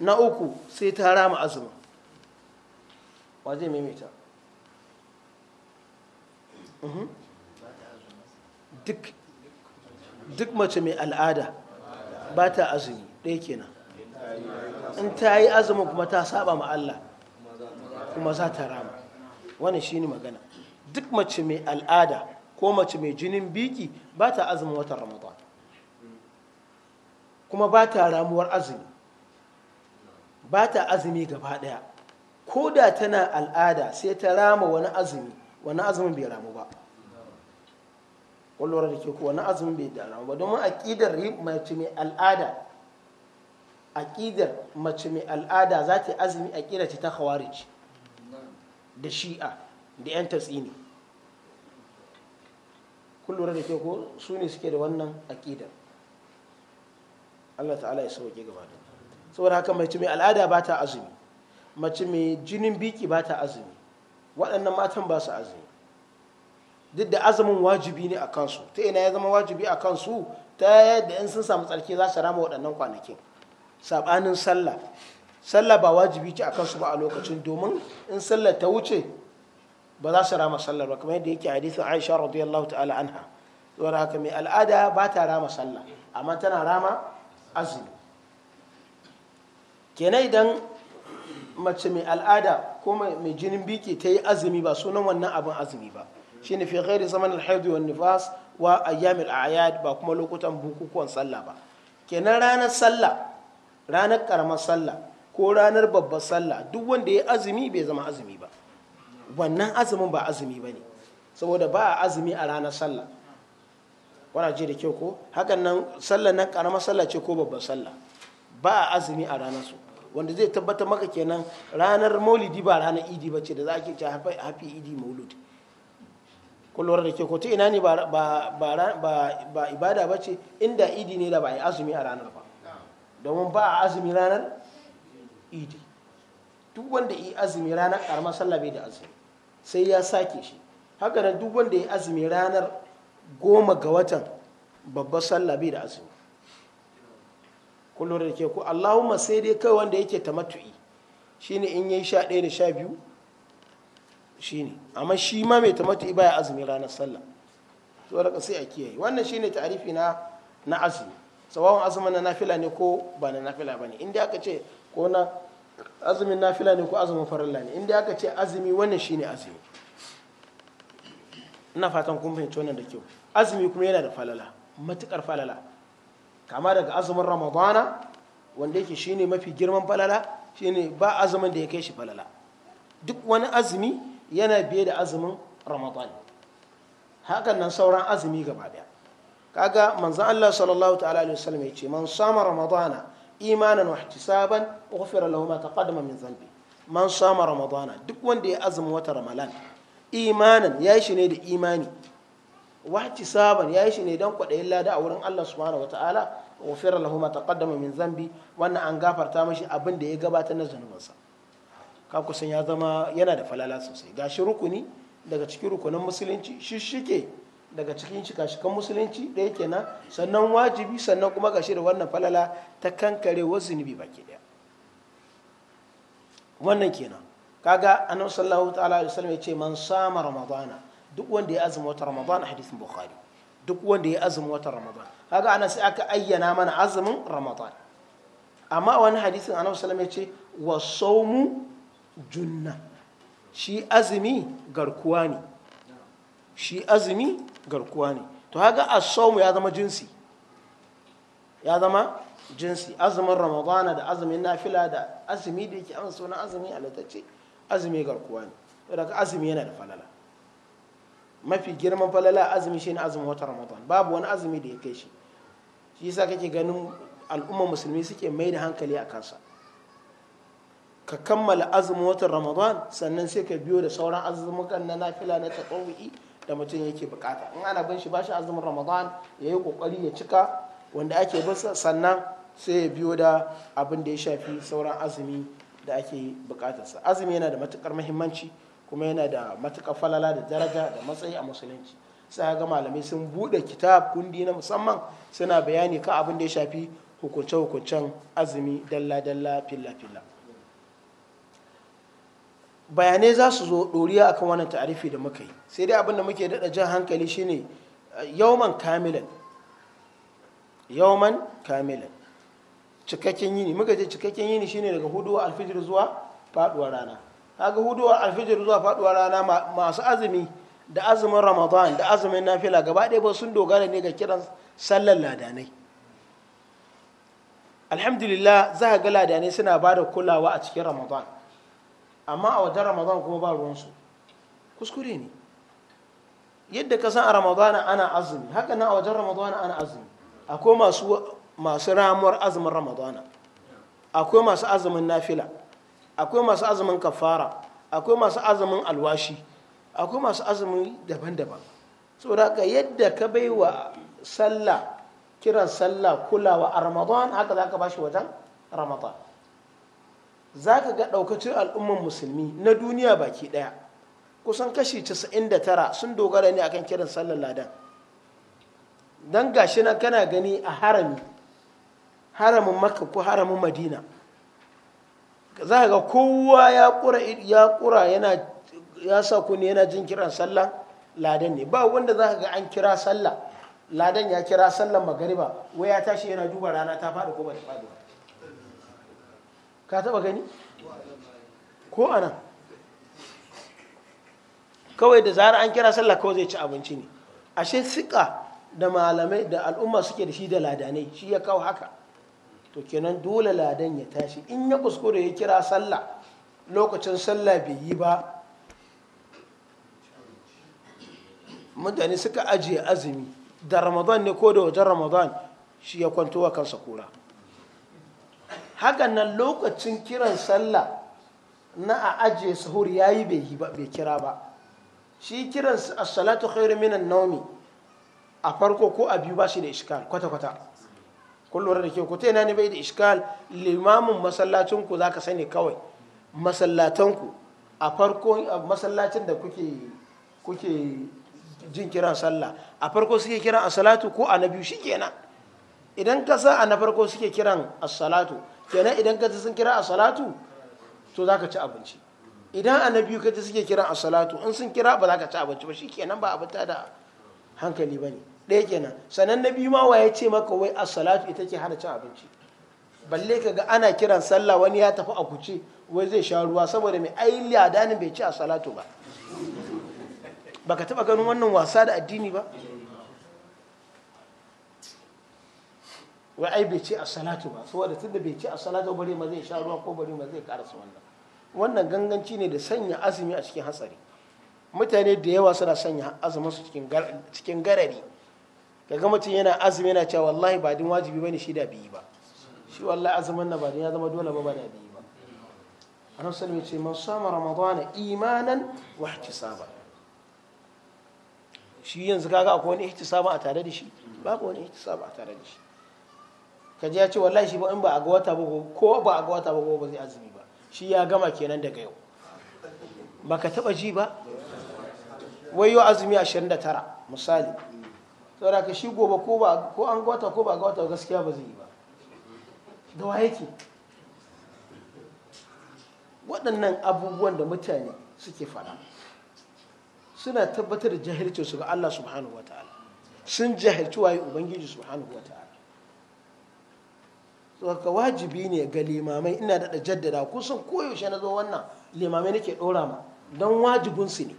na uku sai ta rama azumin wa zai maimaita mhm. duk mace mai al'ada ba ta azumi ɗaya kenan in ta yi azumin kuma ta saba ma Allah kuma za ta rama shi ne magana duk mace mai al'ada ko mace mai jinin biki ba ta azumin watan ramadan kuma ba ta ramuwar azumi ba ta azumi gaba daya ko da tana al'ada sai ta rama wani azumi wani azumin bai ramu ba kwallo da ke kuwa wani azumin bai ramu ba domin aƙidar mace mai al'ada aƙidar mace mai al'ada za ta yi azumi a ce ta khawarij da shi'a da 'yan tatsini kun da ke ko su ne suke da wannan aƙidar allah ta'ala ya sauke gaba da saboda haka mace mai al'ada ba ta azumi mace mai jinin biki ba ta azumi waɗannan matan ba su azumi duk da azumin wajibi ne a kansu ta ina ya zama wajibi a kansu ta yadda in sun samu tsarki za su rama waɗannan kwanakin sabanin sallah sallah ba wajibi ce akan su ba a lokacin domin in sallah ta wuce ba za su rama sallah ba kamar yadda yake hadisin Aisha radiyallahu ta'ala anha saboda haka mai al'ada ba ta rama sallah amma tana rama azumi kenan idan mace mai al'ada ko mai jinin biki ta yi azumi ba sunan wannan abin azumi ba shine fi ghairi zaman al-hayd wa nifas wa ayyamil a'yad ba kuma lokutan bukukuwan sallah ba kenan ranar sallah ranar karamar sallah ko ranar babbar sallah duk wanda ya azumi bai zama azumi ba wannan azumin ba azumi ba ne saboda ba a azumi a ranar sallah wana ce da kyau ko hakan nan sallah na karamar sallah ce ko babbar sallah ba a azumi a ranar su wanda zai tabbatar maka kenan ranar maulidi ba ranar idi ba ce da za a hafi idi maulud kullum da ke ko ta ina ne ba ibada ba ce inda idi ne da ba a yi azumi a ranar ba domin ba a azumi ranar idi duk wanda yi azumi ranar karamar sallah bai da azumi sai ya sake shi haka nan duk wanda yi azumi ranar goma ga watan babbar sallah bai da azumi kullum da ke ku allahumma sai dai kai wanda yake ta tamattu'i shine in yi sha ɗaya da sha biyu shine amma shi ma mai tamattu'i baya azumi ranar sallah to da sai a kiyaye wannan shine ta'arifi na na azumi tsawon azumin na nafila ne ko ba na nafila ba ne inda aka ce ko na azumin nafila ne ko azumin farilla ne inda aka ce azumi wannan shine azumi ina fatan kun fahimci wannan da kyau azumi kuma yana da falala matukar falala kama daga azumin ramadana wanda yake shine mafi girman falala shine ba azumin da ya kai shi falala duk wani azumi yana biye da azumin ramadana hakan nan sauran azumi gaba daya kaga manzon Allah sallallahu ta'ala alaihi wasallam yace man sama ramadana imanan wa ihtisaban ughfira lahu ma taqaddama min dhanbi man sama ramadana duk wanda ya azumi wata ramadan imanan yayi shi ne da imani wa ihtisaban yayi shi ne dan kwadayin lada a wurin Allah subhanahu wataala ughfira lahu ma taqaddama min dhanbi wannan an gafarta mashi abin da ya gabatar na zanubansa ka kusan ya zama yana da falala sosai gashi rukuni daga cikin rukunin musulunci shishike daga cikin shika-shikan musulunci da yake na sannan wajibi sannan kuma gashi da wannan falala ta kankare wasu zunubi baki daya wannan kenan kaga annabi sallallahu ta'ala alaihi wasallam yace man sama ramadana duk wanda ya azumi wata ramadana hadisin bukhari duk wanda ya azumi wata ramadana kaga ana sai aka ayyana mana azumin ramadana amma wani hadisin annabi sallallahu alaihi wasallam yace wa sawmu junna shi azumi garkuwa ne shi azumi garkuwa ne to haka asawmu ya zama jinsi ya zama jinsi azumin ramadana da azumin nafila da azumi da yake amsa sunan azumi alatacce azumi garkuwa ne to daga azumi yana da falala mafi girman falala azumi ne azumin wata ramadana babu wani azumi da ya kai shi shi yasa kake ganin al'umma musulmi suke mai da hankali a kansa ka kammala azumin watan ramadana sannan sai ka biyo da sauran azumukan na nafila na tatawu'i da mutum yake bukata in ana bin shi ba shi azumin ramadan ya yi kokari ya cika wanda ake bin sannan sai ya biyo da abin da ya shafi sauran azumi da ake bukatarsa azumi yana da matukar muhimmanci kuma yana da matukar falala da daraja da matsayi a musulunci sai ga malamai sun bude kitab kundi na musamman suna bayani kan abin da ya shafi hukunce-hukuncen azumi dalla-dalla fila-fila bayanai za su zo ɗoriya akan wannan ta'arifi da muka yi sai dai abinda muke daɗa jan hankali shine yawman kamilan yawman kamilan cikakken yini muka ce cikakken yini shine daga huduwar alfijir zuwa faduwar rana daga huduwar alfijir zuwa faduwar rana masu azumi da azumin ramadan da azumin nafila gaba ɗaya ba sun dogara ne ga kiran sallar ladanai alhamdulillah za ga ladanai suna ba da kulawa a cikin ramadan amma a wajen ramadan kuma ba ruwansu kuskure ne yadda ka san a ramadan ana azumi haka nan a wajen ramadan ana azumi akwai masu masu ramuwar azumin ramadan akwai masu azumin nafila akwai masu azumin kafara akwai masu azumin alwashi akwai masu azumin daban-daban saboda haka yadda ka bai wa sallah kiran sallah kulawa a ramadan haka za ka ba shi wajen ramadan za ka ga ɗaukacin al'umman musulmi na duniya baki ɗaya kusan kashi 99 sun dogara ne akan kiran sallar ladan don gashi nan kana gani a harami haramin makka ko haramin madina za ka ga kowa ya ƙura yana ya sa ku yana jin kiran sallar ladan ne ba wanda za ka ga an kira sallah ladan ya kira sallar magariba wai ya tashi yana duba rana ta faɗi ko ba ta faɗi ba ka taba gani ko anan kawai da zara an kira sallah kawai zai ci abinci ne ashe siƙa da malamai da al'umma suke da shi da ladanai shi ya kawo haka to kenan dole ladan ya tashi in ya kuskure ya kira sallah lokacin sallah bai yi ba mutane suka ajiye azumi da ramadan ne ko da wajen ramadan shi ya kwanto wa kansa kura hakan nan lokacin kiran sallah na a ajiye sahur ya yi bai kira ba shi kiran asalatu salatu khairu minan nawmi a farko ko a biyu ba shi da iskal kwata kwata kullum da ke ku tana ne bai da iskal limamin masallacin ku ka sani kawai masallatan a farko masallacin da kuke jin kiran sallah a farko suke kiran asalatu ko a na biyu shi kenan idan ka sa a na farko suke kiran asalatu. kenan idan ka sun kira a salatu to za ka ci abinci idan annabi ka ji suke kira a salatu in sun kira ba za ka ci abinci ba shi kenan ba abin ta da hankali ba ne ɗaya kenan sannan na biyu ma ya ce maka wai a salatu ita ke hana cin abinci balle ka ga ana kiran sallah wani ya tafi a kuce wai zai sha ruwa saboda mai ai danin bai ci a salatu ba baka taba ganin wannan wasa da addini ba wai ai bai ce a salatu ba saboda tunda bai ce a salatu bari ma zai sha ruwa ko bari ma zai karasa wannan wannan ganganci ne da sanya azumi a cikin hatsari mutane da yawa suna sanya azumin su cikin garari kaga mutum yana azumi yana cewa wallahi ba din wajibi bane shi da biyi ba shi wallahi azumin na ba din ya zama dole ba ba da biyi ba annabi sallallahu alaihi wasallam ya ce man sama ramadana imanan wa ihtisaba shi yanzu kaga akwai wani ihtisaba a tare da shi babu wani ihtisaba a tare da shi kaji ya ce wallahi shi ba in ba a ga wata ba ko ba a ga wata ba ba zai azumi ba shi ya gama kenan daga yau ba ka taba ji ba wai yau azumi 29 misali saboda ka shi gobe ko ba ko an ga wata ko ba ga wata gaskiya ba zai yi ba da wa yake waɗannan abubuwan da mutane suke fara suna tabbatar da jahilcin su ga Allah subhanahu wataala sun jahilci waye ubangiji subhanahu wataala ka wajibi ne ga limamai ina da jaddada kusan koyaushe na zo wannan limamai nake dora ma don wajibinsu ne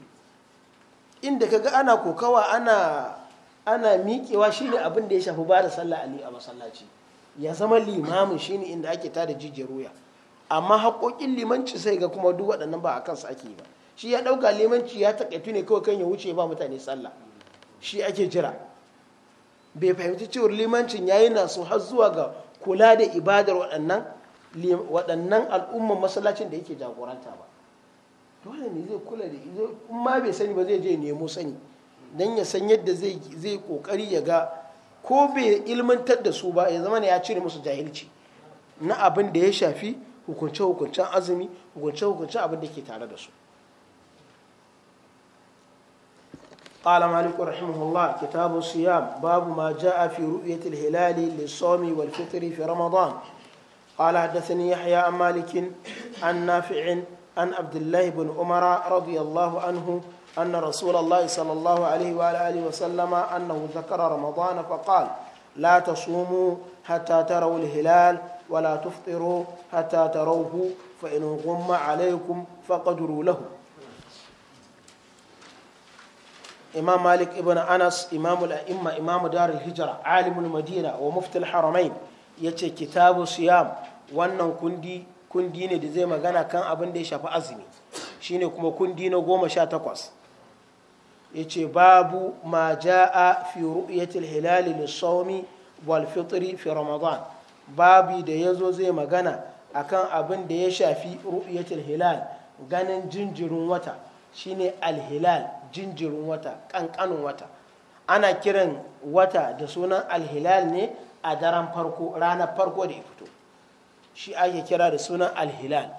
inda ka ga ana kokawa ana ana miƙewa shine abin da ya shafi ba da sallah a masallaci ya zama limamin shi ne inda ake tada jijiyar wuya amma haƙoƙin limanci sai ga kuma duk waɗannan ba a kansu ake ba shi ya ɗauka limanci ya taƙaitu ne kawai kan ya wuce ba mutane sallah shi ake jira bai fahimci cewar limancin ya yi nasu har zuwa ga kula da ibadar waɗannan al'umman masallacin da yake jagoranta ba dole ne zai kula da in ma bai sani ba zai je nemo sani don ya san yadda zai kokari ya ga ko bai ilmantar da su ba ya zama ne ya cire musu jahilci na abin da ya shafi hukunce-hukuncen azumi hukunce-hukuncen abin da ke tare da su قال مالك رحمه الله كتاب الصيام باب ما جاء في رؤية الهلال للصوم والفطر في رمضان قال حدثني يحيى عن مالك عن نافع عن عبد الله بن عمر رضي الله عنه أن رسول الله صلى الله عليه وآله وسلم أنه ذكر رمضان فقال لا تصوموا حتى تروا الهلال ولا تفطروا حتى تروه فإن غم عليكم فقدروا له imam malik ibn anas imamul a'imma imamu darul hijra alimul madina wa muftil haramain yace kitabu siyam wannan kundi kundi ne da zai magana kan abin da ya shafi azumi shine kuma kundi na goma sha takwas yace babu ma ja'a fi ru'yatil hilali lis-sawmi wal fitri fi ramadan babu da ya zo zai magana akan abin da ya shafi ru'yatil hilal ganin jinjirin wata shine al-hilal jinjirin wata ƙanƙanin wata ana kiran wata da sunan alhilal ne a daren farko ranar farko da ya fito shi ake kira da sunan alhilal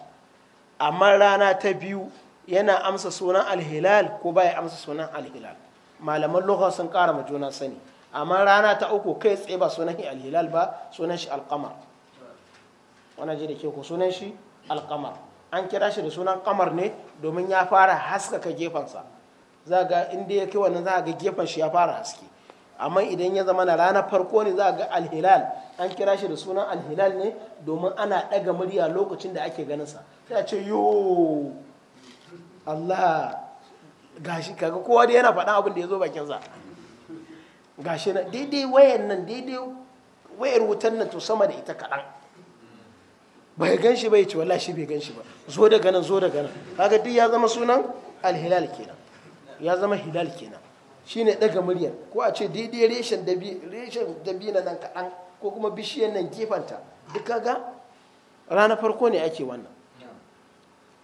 amma rana ta biyu yana amsa sunan alhilal ko baya amsa sunan alhilal malaman lokacin sun ƙara ma juna sani amma rana ta uku kai tsaye ba sunan alhilal ba sunan shi alkamar wani ji da ke ku sunan shi alkamar an kira shi da sunan kamar ne domin ya fara haskaka gefensa za ga inda ya kai wannan za ga gefen shi ya fara haske amma idan ya zama na ranar farko ne za ga alhilal an kira shi da sunan alhilal ne domin ana ɗaga murya lokacin da ake sa sai a ce yo Allah gashi kaga kowa da yana faɗan abin da ya zo sa gashi na daidai wayan nan daidai wayar wutar nan to sama da ita kaɗan bai gan shi bai ce wallahi shi bai gan shi ba zo daga nan zo daga nan kaga duk ya zama sunan alhilal kenan ya zama hilal kenan shine daga murya ko a ce daidai reshen dabi na nan kaɗan ko kuma bishiyar nan gefanta duk kaga rana farko ne ake wannan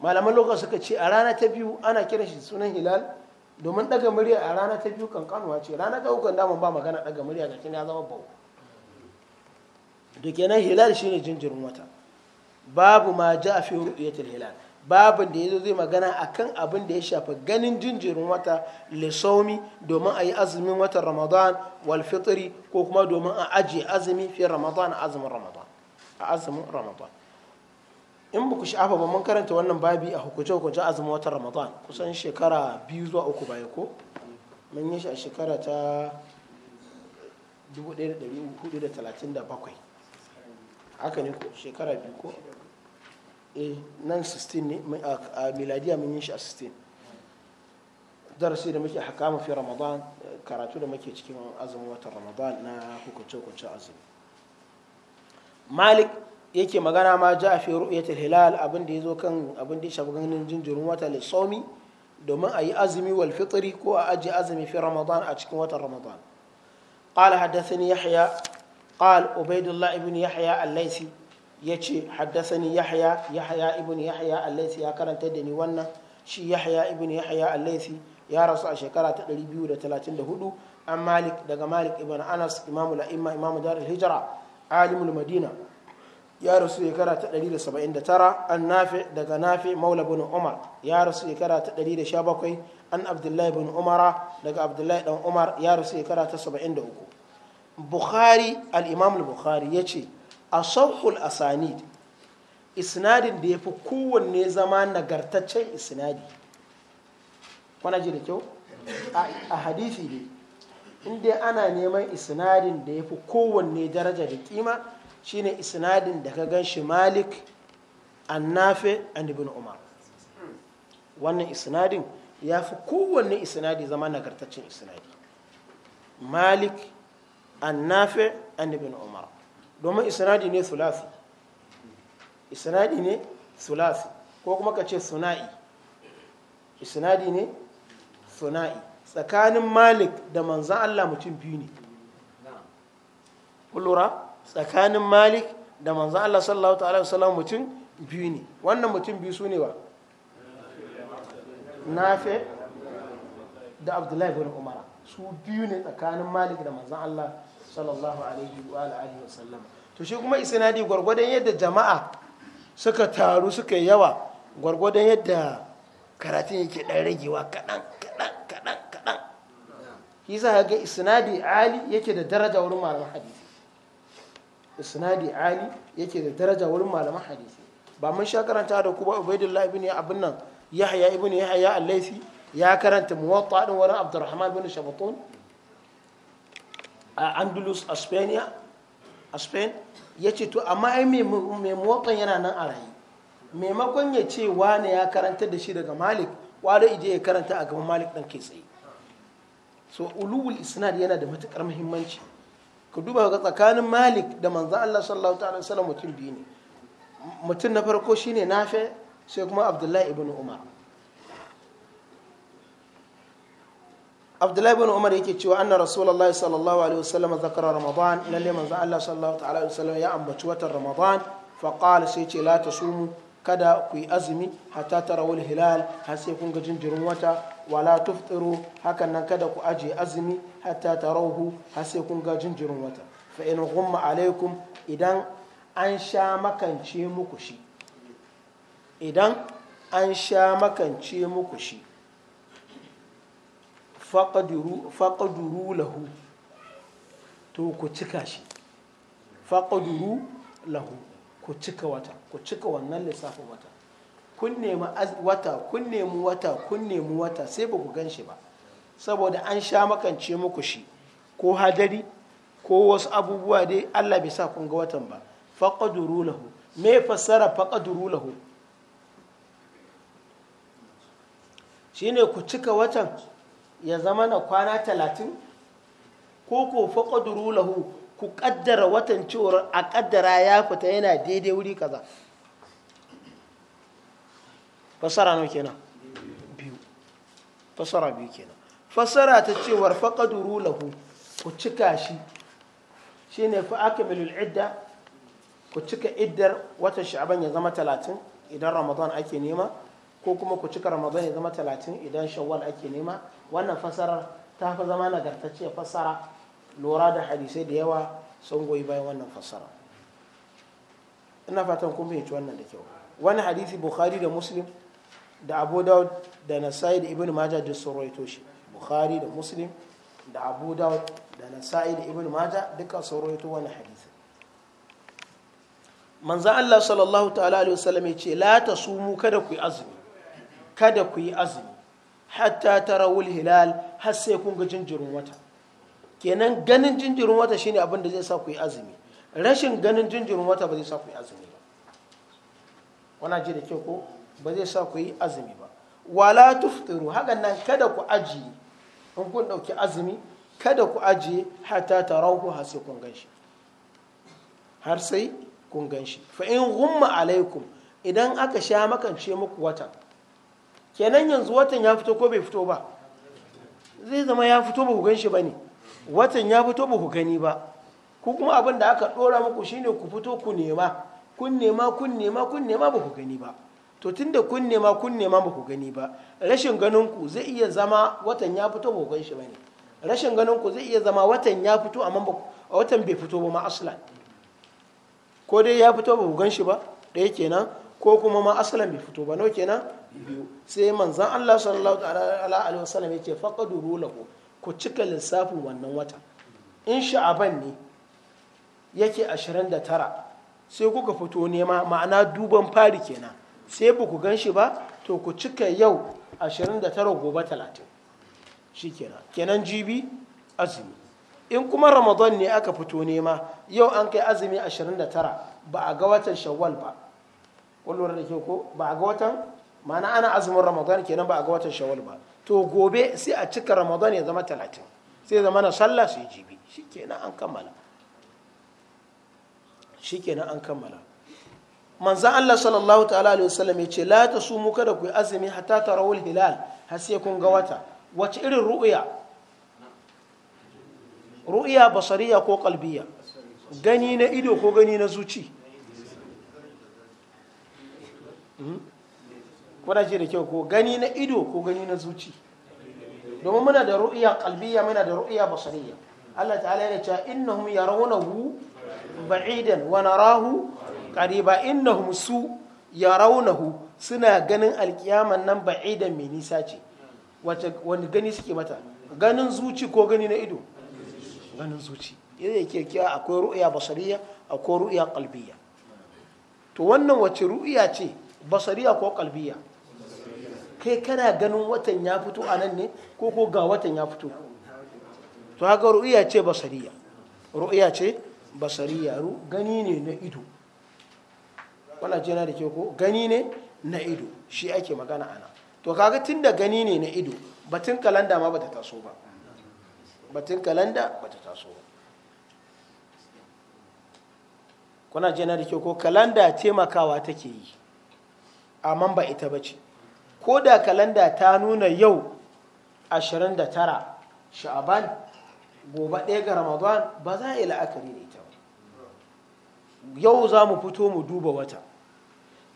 malaman lokacin suka ce a rana ta biyu ana kiran shi sunan hilal domin daga murya a rana ta biyu kankanuwa ce rana ta hukun damar ba magana daga murya ga ya zama bau da kenan hilal shine jinjirin wata babu ma ja a fi hilal babin da ya zo zai magana a kan abin da ya shafi ganin jinjirin wata lissomi domin a yi azumin watan ramadan wal fitri ko kuma domin a ajiye azumi fi ramadan azumin ramadan a azumin ramadan in ba ku sha'afa ba mun karanta wannan babi a hukunce hukunce azumin watan ramadan kusan shekara biyu zuwa uku baya ko mun yi shi a shekara ta 1437 haka ne ko shekara biyu ko eh nan ne a miladiya mun yi shi a darasi da muke hakama fi ramadan karatu da muke cikin azumin watan ramadan na hukunce-hukunce azumi malik yake magana ma ja fi ru'yatul hilal abin da yazo kan abin da ya shafi ganin jinjirin wata lissomi domin a yi azumi wal fitri ko a ajiye azumi fi ramadan a cikin watan ramadan qala حدثني yahya qala عبيد ibn yahya al الليثي ya ce haddasani yahya yahya ibn yahya allaisi ya karanta da ni wannan shi yahya ibn yahya allaisi ya rasu a shekara ta 234 an malik daga malik ibn anas imamu la'imma imamu darul hijra alimul madina ya rasu shekara ta 179 an nafe daga nafe maula bin umar ya rasu shekara ta 117 an abdullahi bin umara daga abdullahi dan umar ya rasu shekara ta 73 bukhari al-imam al-bukhari ya ce. a sauƙul asanid isnadin da ya fi kowanne zama nagartaccen isnadi kwana ji da kyau a hadithi ne inda ana neman isnadin da ya fi kowanne daraja da kima shine isnadin da ka gan shi malik annafe an ibn umar wannan isnadin ya fi kowanne isnadi zama nagartaccen isnadi malik annafe an ibn umar domin isnadi ne sulasi isnadi ne sulasi ko kuma ka ce suna'i isnadi ne suna'i tsakanin malik da manzan Allah mutum biyu ne kullura tsakanin malik da manzan Allah sallallahu ta'ala wasallam mutum biyu ne wannan mutum biyu su ne wa nafe da abdullahi bin umara su biyu ne tsakanin malik da manzan Allah sallallahu alaihi wa alihi wa sallam to shi kuma isnadi gwargwadon yadda jama'a suka taru suka yawa gwargwadon yadda karatun yake dan ragewa kadan kadan kadan kadan shi sa ga isnadi ali yake da daraja wurin malaman hadisi isnadi ali yake da daraja wurin malaman hadisi ba mun sha karanta da kuma ubaidullah ibn abin nan yahya ibn yahya al-laisi ya karanta muwatta din wurin abdurrahman ibn shabatun a andalus a spain a spain ya ce to amma ai mai motsan yana nan a rayu maimakon ya ce wane ya karanta da shi daga malik ware ije ya karanta a gaban malik ɗan ke tsaye so uluwul isnad yana da matuƙar muhimmanci ka duba ga tsakanin malik da manzan allah sallallahu ta'ala sallam mutum biyu ne mutum na farko shine nafe sai kuma abdullahi ibn umar abdullahi bin umar yake cewa anna rasulullahi sallallahu alaihi wasallam zakara ramadan lalle manzo Allah sallallahu ta'ala alaihi wasallam ya ambaci watan ramadan fa qala sai ce la tasumu kada ku yi azumi hatta tarawul hilal har sai kun ga jinjirin wata wala tuftiru hakan nan kada ku aje azumi hatta tarahu har sai kun ga jinjirin wata fa in ghumma alaikum idan an sha makance muku shi idan an sha makance muku shi faƙaduru lahu to ku cika shi faƙaduru lahu ku cika wata ku cika wannan lissafin wata kun nemi wata kun nemi wata kun nemi wata sai ba ku gan shi ba saboda an sha makance muku shi ko hadari ko wasu abubuwa dai Allah bai sa kun ga watan ba faƙaduru lahu me fassara faƙaduru lahu shine ku cika watan ya zama na kwana talatin ko ko faƙaduru lahu ku ƙaddara watan cewar a ƙaddara ya fita yana daidai wuri kaza fasara nau kenan biyu fasara biyu kenan fasara ta cewar faƙaduru lahu ku cika shi shi ne ku akamilul idda ku cika iddar watan sha'aban ya zama talatin idan ramadan ake nema ko kuma ku cika ramadan ya zama talatin idan shawwal ake nema wannan fasarar ta fi zama nagartacciyar fasara lura da hadisai da yawa sun goyi bayan wannan fasara ina fatan kun fahimci wannan da kyau wani hadisi bukhari da muslim da abu dawud da nasa'i da ibn majah duk sun rawaito shi bukhari da muslim da abu dawud da nasa'i da ibn majah duka sun rawaito wani hadisi manzan allah sallallahu ta'ala alaihi wasallam ya ce la ta sumu kada ku yi azumi kada ku yi azumi hatta tarawul hilal har sai kun ga jinjirin wata kenan ganin jinjirin wata shine abin da zai sa ku yi azumi rashin ganin jinjirin wata ba zai sa ku yi azumi ba wana ji da kyau ko ba zai sa ku yi azumi ba wala tuftiru haka nan kada ku ajiye in kun dauki azumi kada ku ajiye hatta tarahu har sai kun ganshi har sai kun ganshi fa in ghumma alaikum idan aka sha makance muku wata kenan yanzu watan ya fito ko bai fito ba zai zama ya fito ba ku gan shi ba ne watan ya fito ba ku gani ba ku kuma abin da aka ɗora muku shine ku fito ku nema kun nema kun nema kun nema ba ku gani ba to tunda kun nema kun nema ba ku gani ba rashin ganin ku zai iya zama watan ya fito ba ku gan shi ba ne rashin ganin ku zai iya zama watan ya fito amma ba watan bai fito ba ma aslan ko dai ya fito ba ku gan shi ba ɗaya kenan ko kuma ma aslan bai fito ba no kenan biyu sai manzan Allah sallallahu alaihi wasallam ya ce faqaduru lahu ku cika lissafin wannan wata in sha'aban ne yake 29 sai kuka fito nema ma'ana duban fari kenan sai ba ku gan shi ba to ku cika yau 29 gobe 30 shi kenan kenan jibi azumi in kuma ramadan ne aka fito nema yau an kai azumi 29 ba a ga watan shawwal ba kullum da ke ko ba a ga watan ma'ana ana azumin ramadan kenan ba a ga watan shawwal ba to gobe sai a cika ramadan ya zama talatin sai zama na sallah sai jibi shikenan an kammala shikenan an kammala manzan Allah sallallahu ta'ala alaihi wasallam yace la tasumu kada ku azumi hatta tarawul hilal har sai kun ga wata wace irin ru'ya ru'ya basariya ko qalbiya gani na ido ko gani na zuci hmm? kuna ce da kyau ko gani na ido ko gani na zuci domin muna da ru'iya kalbiya muna da ru'iya basariya Allah ta'ala ya ce innahum yarawnahu ba'idan wa narahu qariba innahum su yarawnahu suna ganin alkiyaman nan ba'idan mai nisa ce wani gani suke mata ganin zuci ko gani na ido ganin zuci yadda yake kiya akwai ru'iya basariya akwai ru'iya kalbiya to wannan wace ru'iya ce basariya ko kalbiya kai kana ganin watan ya fito a nan ne ko ko ga watan ya fito to haka ru'iya ce basariya ru'iya ce basariya ru gani ne na ido wala ce na da ke ko gani ne na ido shi ake magana ana to kaga tun da gani ne na ido batun kalanda ma bata taso ba batun kalanda bata taso ba kuna jana da kyau ko kalanda taimakawa take yi amma ba ita ba ce ko da kalanda ta nuna yau 29 sha'aban gobe ɗaya ga ramadan ba za a yi la'akari da ita yau za mu fito mu duba wata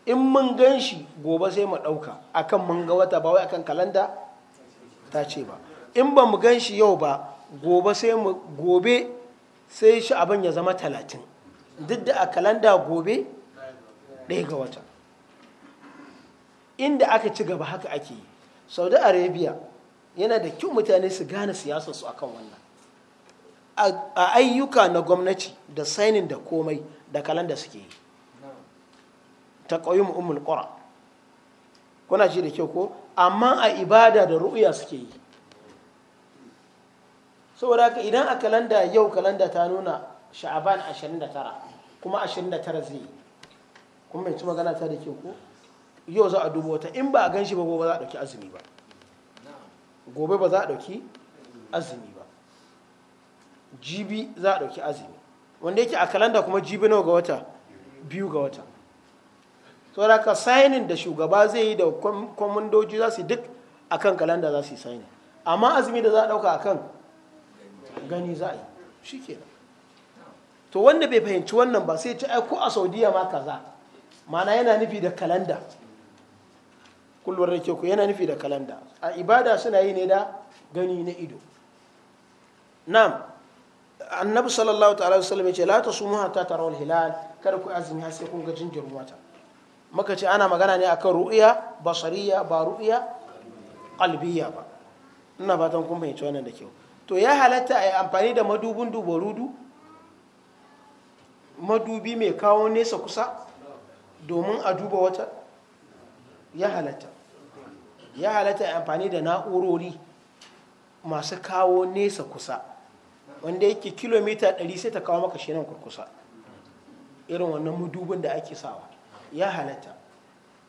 in mun gan shi gobe sai mu ɗauka akan mun ga wata ba wai akan kalanda ta ce ba in ba mu gan shi yau ba gobe sai mu gobe sai sha'aban ya zama talatin duk da a kalanda gobe ɗaya ga wata inda aka ci gaba haka ake yi saudi arabia yana da kyau mutane su gane siyasarsu akan wannan a ayyuka na gwamnati da sainin da komai da kalanda suke yi ta ƙoyin umul ƙura kuna ji da kyau ko amma a ibada da ru'uya suke yi saboda haka idan a kalanda yau kalanda ta nuna sha'aban 29 kuma 29 zai yi kuma mai ci magana ta da kyau ko yau za a duba wata in ba a gan shi ba gobe za a ɗauki azumi ba gobe ba za a ɗauki azumi ba jibi za a ɗauki azumi wanda yake a kalanda kuma jibi nawa ga wata biyu ga wata so da ka sainin da shugaba zai yi da kwamandoji za su duk a kan kalanda za su yi sainin amma azumi da za a ɗauka a kan gani za a yi shi da to wanda bai fahimci wannan ba sai ci aiko a saudiya ma kaza mana yana nufi da kalanda kullum da ke ku yana nufi da kalanda a ibada suna yi ne da gani na ido na'am annabi sallallahu ta'ala wasallam ya ce la tasumu hatta rawar hilal kada ku azumi har sai kun ga jinjirin wata muka ce ana magana ne akan ru'ya basariya ba ru'ya qalbiyya ba ina fatan kun fahimci wannan da kyau to ya halatta a yi amfani da madubin dubarudu madubi mai kawo nesa kusa domin a duba wata ya halatta ya halatta amfani da na'urori masu kawo nesa kusa wanda yake kilomita 100 sai ta kawo maka shi nan kurkusa irin wannan mudubin da ake sawa ya halatta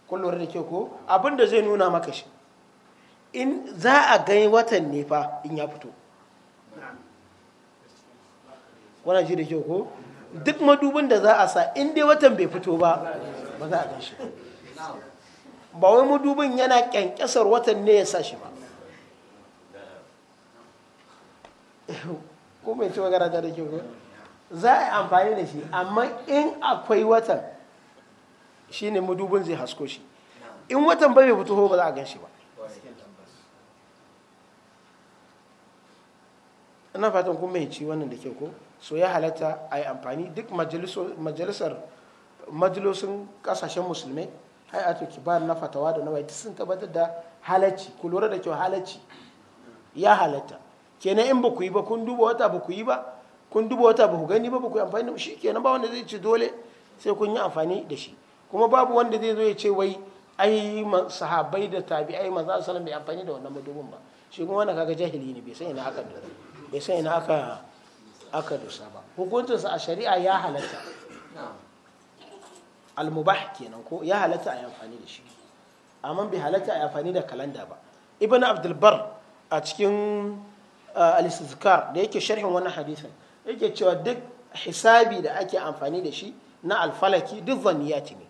kullum da ke ko abin da zai nuna maka shi in za a gani watan ne in ya fito wana ji da ke ko duk madubin da za a sa in watan bai fito ba ba za a gan shi ba wai madubin yana kyankyasar watan ne ya sa shi ba kuma ci magana ta da ke ko za a yi amfani da shi amma in akwai watan shi ne madubin zai hasko shi in watan ba mai fito ba za a gan shi ba ina fatan kuma mahimci wannan da ke ko so ya halatta a yi amfani duk majalisar majalisun kasashen musulmai hay'atu kibar na fatawa da nawayi sun tabbatar da halacci ku lura da kyau halacci ya halatta kenan in ba ku yi ba kun duba wata ba ku yi ba kun duba wata ba ku gani ba ba ku yi amfani shi kenan ba wanda zai ce dole sai kun yi amfani da shi kuma babu wanda zai zo ya ce wai ai sahabbai da tabi'ai manzo sallallahu bai amfani da wannan madubin ba shi kuma wannan kaga jahili ne bai san ina aka bai san ina aka aka dusa ba hukuncinsa a shari'a ya halatta almubah kenan ko ya halatta a yi amfani da shi amma bai halatta a yi amfani da kalanda ba ibn abdulbar a cikin uh, al da yake sharhin wannan hadisin yake cewa duk hisabi da ake amfani da shi na alfalaki duk zanniyati ne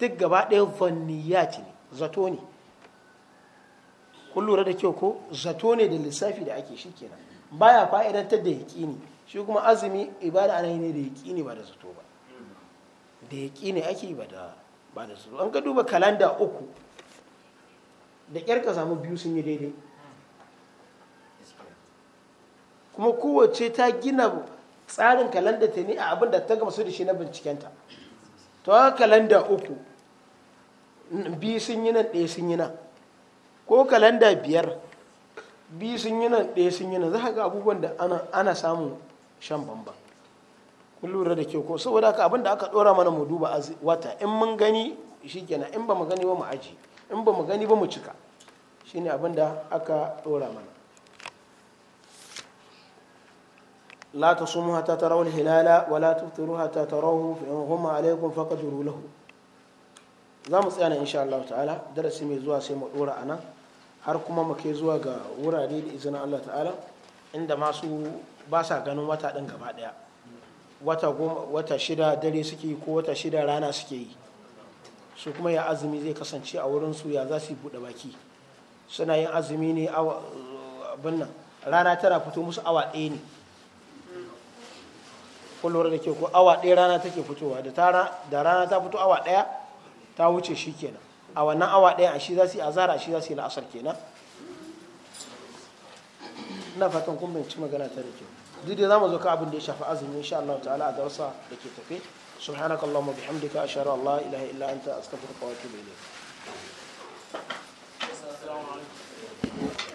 duk gaba ɗaya zanniyati ne zato ne kun lura da kyau ko zato ne da lissafi da ake shi kenan baya fa'idantar da yaƙini shi kuma azumi ibada ana ne da yaƙini ba da zato ba da ƙi ne ake ba da ba da su an ka duba kalanda uku da ƙyar ka samu biyu sun yi daidai kuma kowace ta gina tsarin kalanda ta ne a abin da ta su da shi na bincikenta wa kalanda uku biyu sun yi nan ɗaya sun yi nan ko kalanda biyar biyu sun yi nan ɗaya sun yi nan za ka ga abubuwan da ana samun shan bambam kun lura da ke ko saboda haka abinda aka dora mana mu duba wata in mun gani shikenan in ba mu gani ba mu aji in ba mu gani ba mu cika shine ne abinda aka dora mana la tasumu hatta tarawu al-hilala wa la tuftiru hatta tarawu fa in ghumma alaykum faqdiru lahu za mu tsaya insha Allah ta'ala darasi mai zuwa sai mu dora anan har kuma mu kai zuwa ga wurare da izinin Allah ta'ala inda masu ba sa ganin wata ɗin gaba daya wata goma wata shida dare suke yi ko wata shida rana suke yi su kuma ya azumi zai kasance a wurin su ya za su buɗe baki suna yin azumi ne abin nan rana tana fito musu awa ɗaya ne kullum da ke ko awa ɗaya rana take fitowa da rana ta fito awa ɗaya ta wuce shi kenan a wannan awa ɗaya a shi za su yi azara a shi za su yi la'asar kenan ina fatan kun ci magana ta da kyau duk da zamu zo ka abin da ya shafi azumi insha Allah ta'ala a darsa da ke tafe subhanakallahumma bihamdika ashhadu an la ilaha illa anta astaghfiruka wa atubu ilayk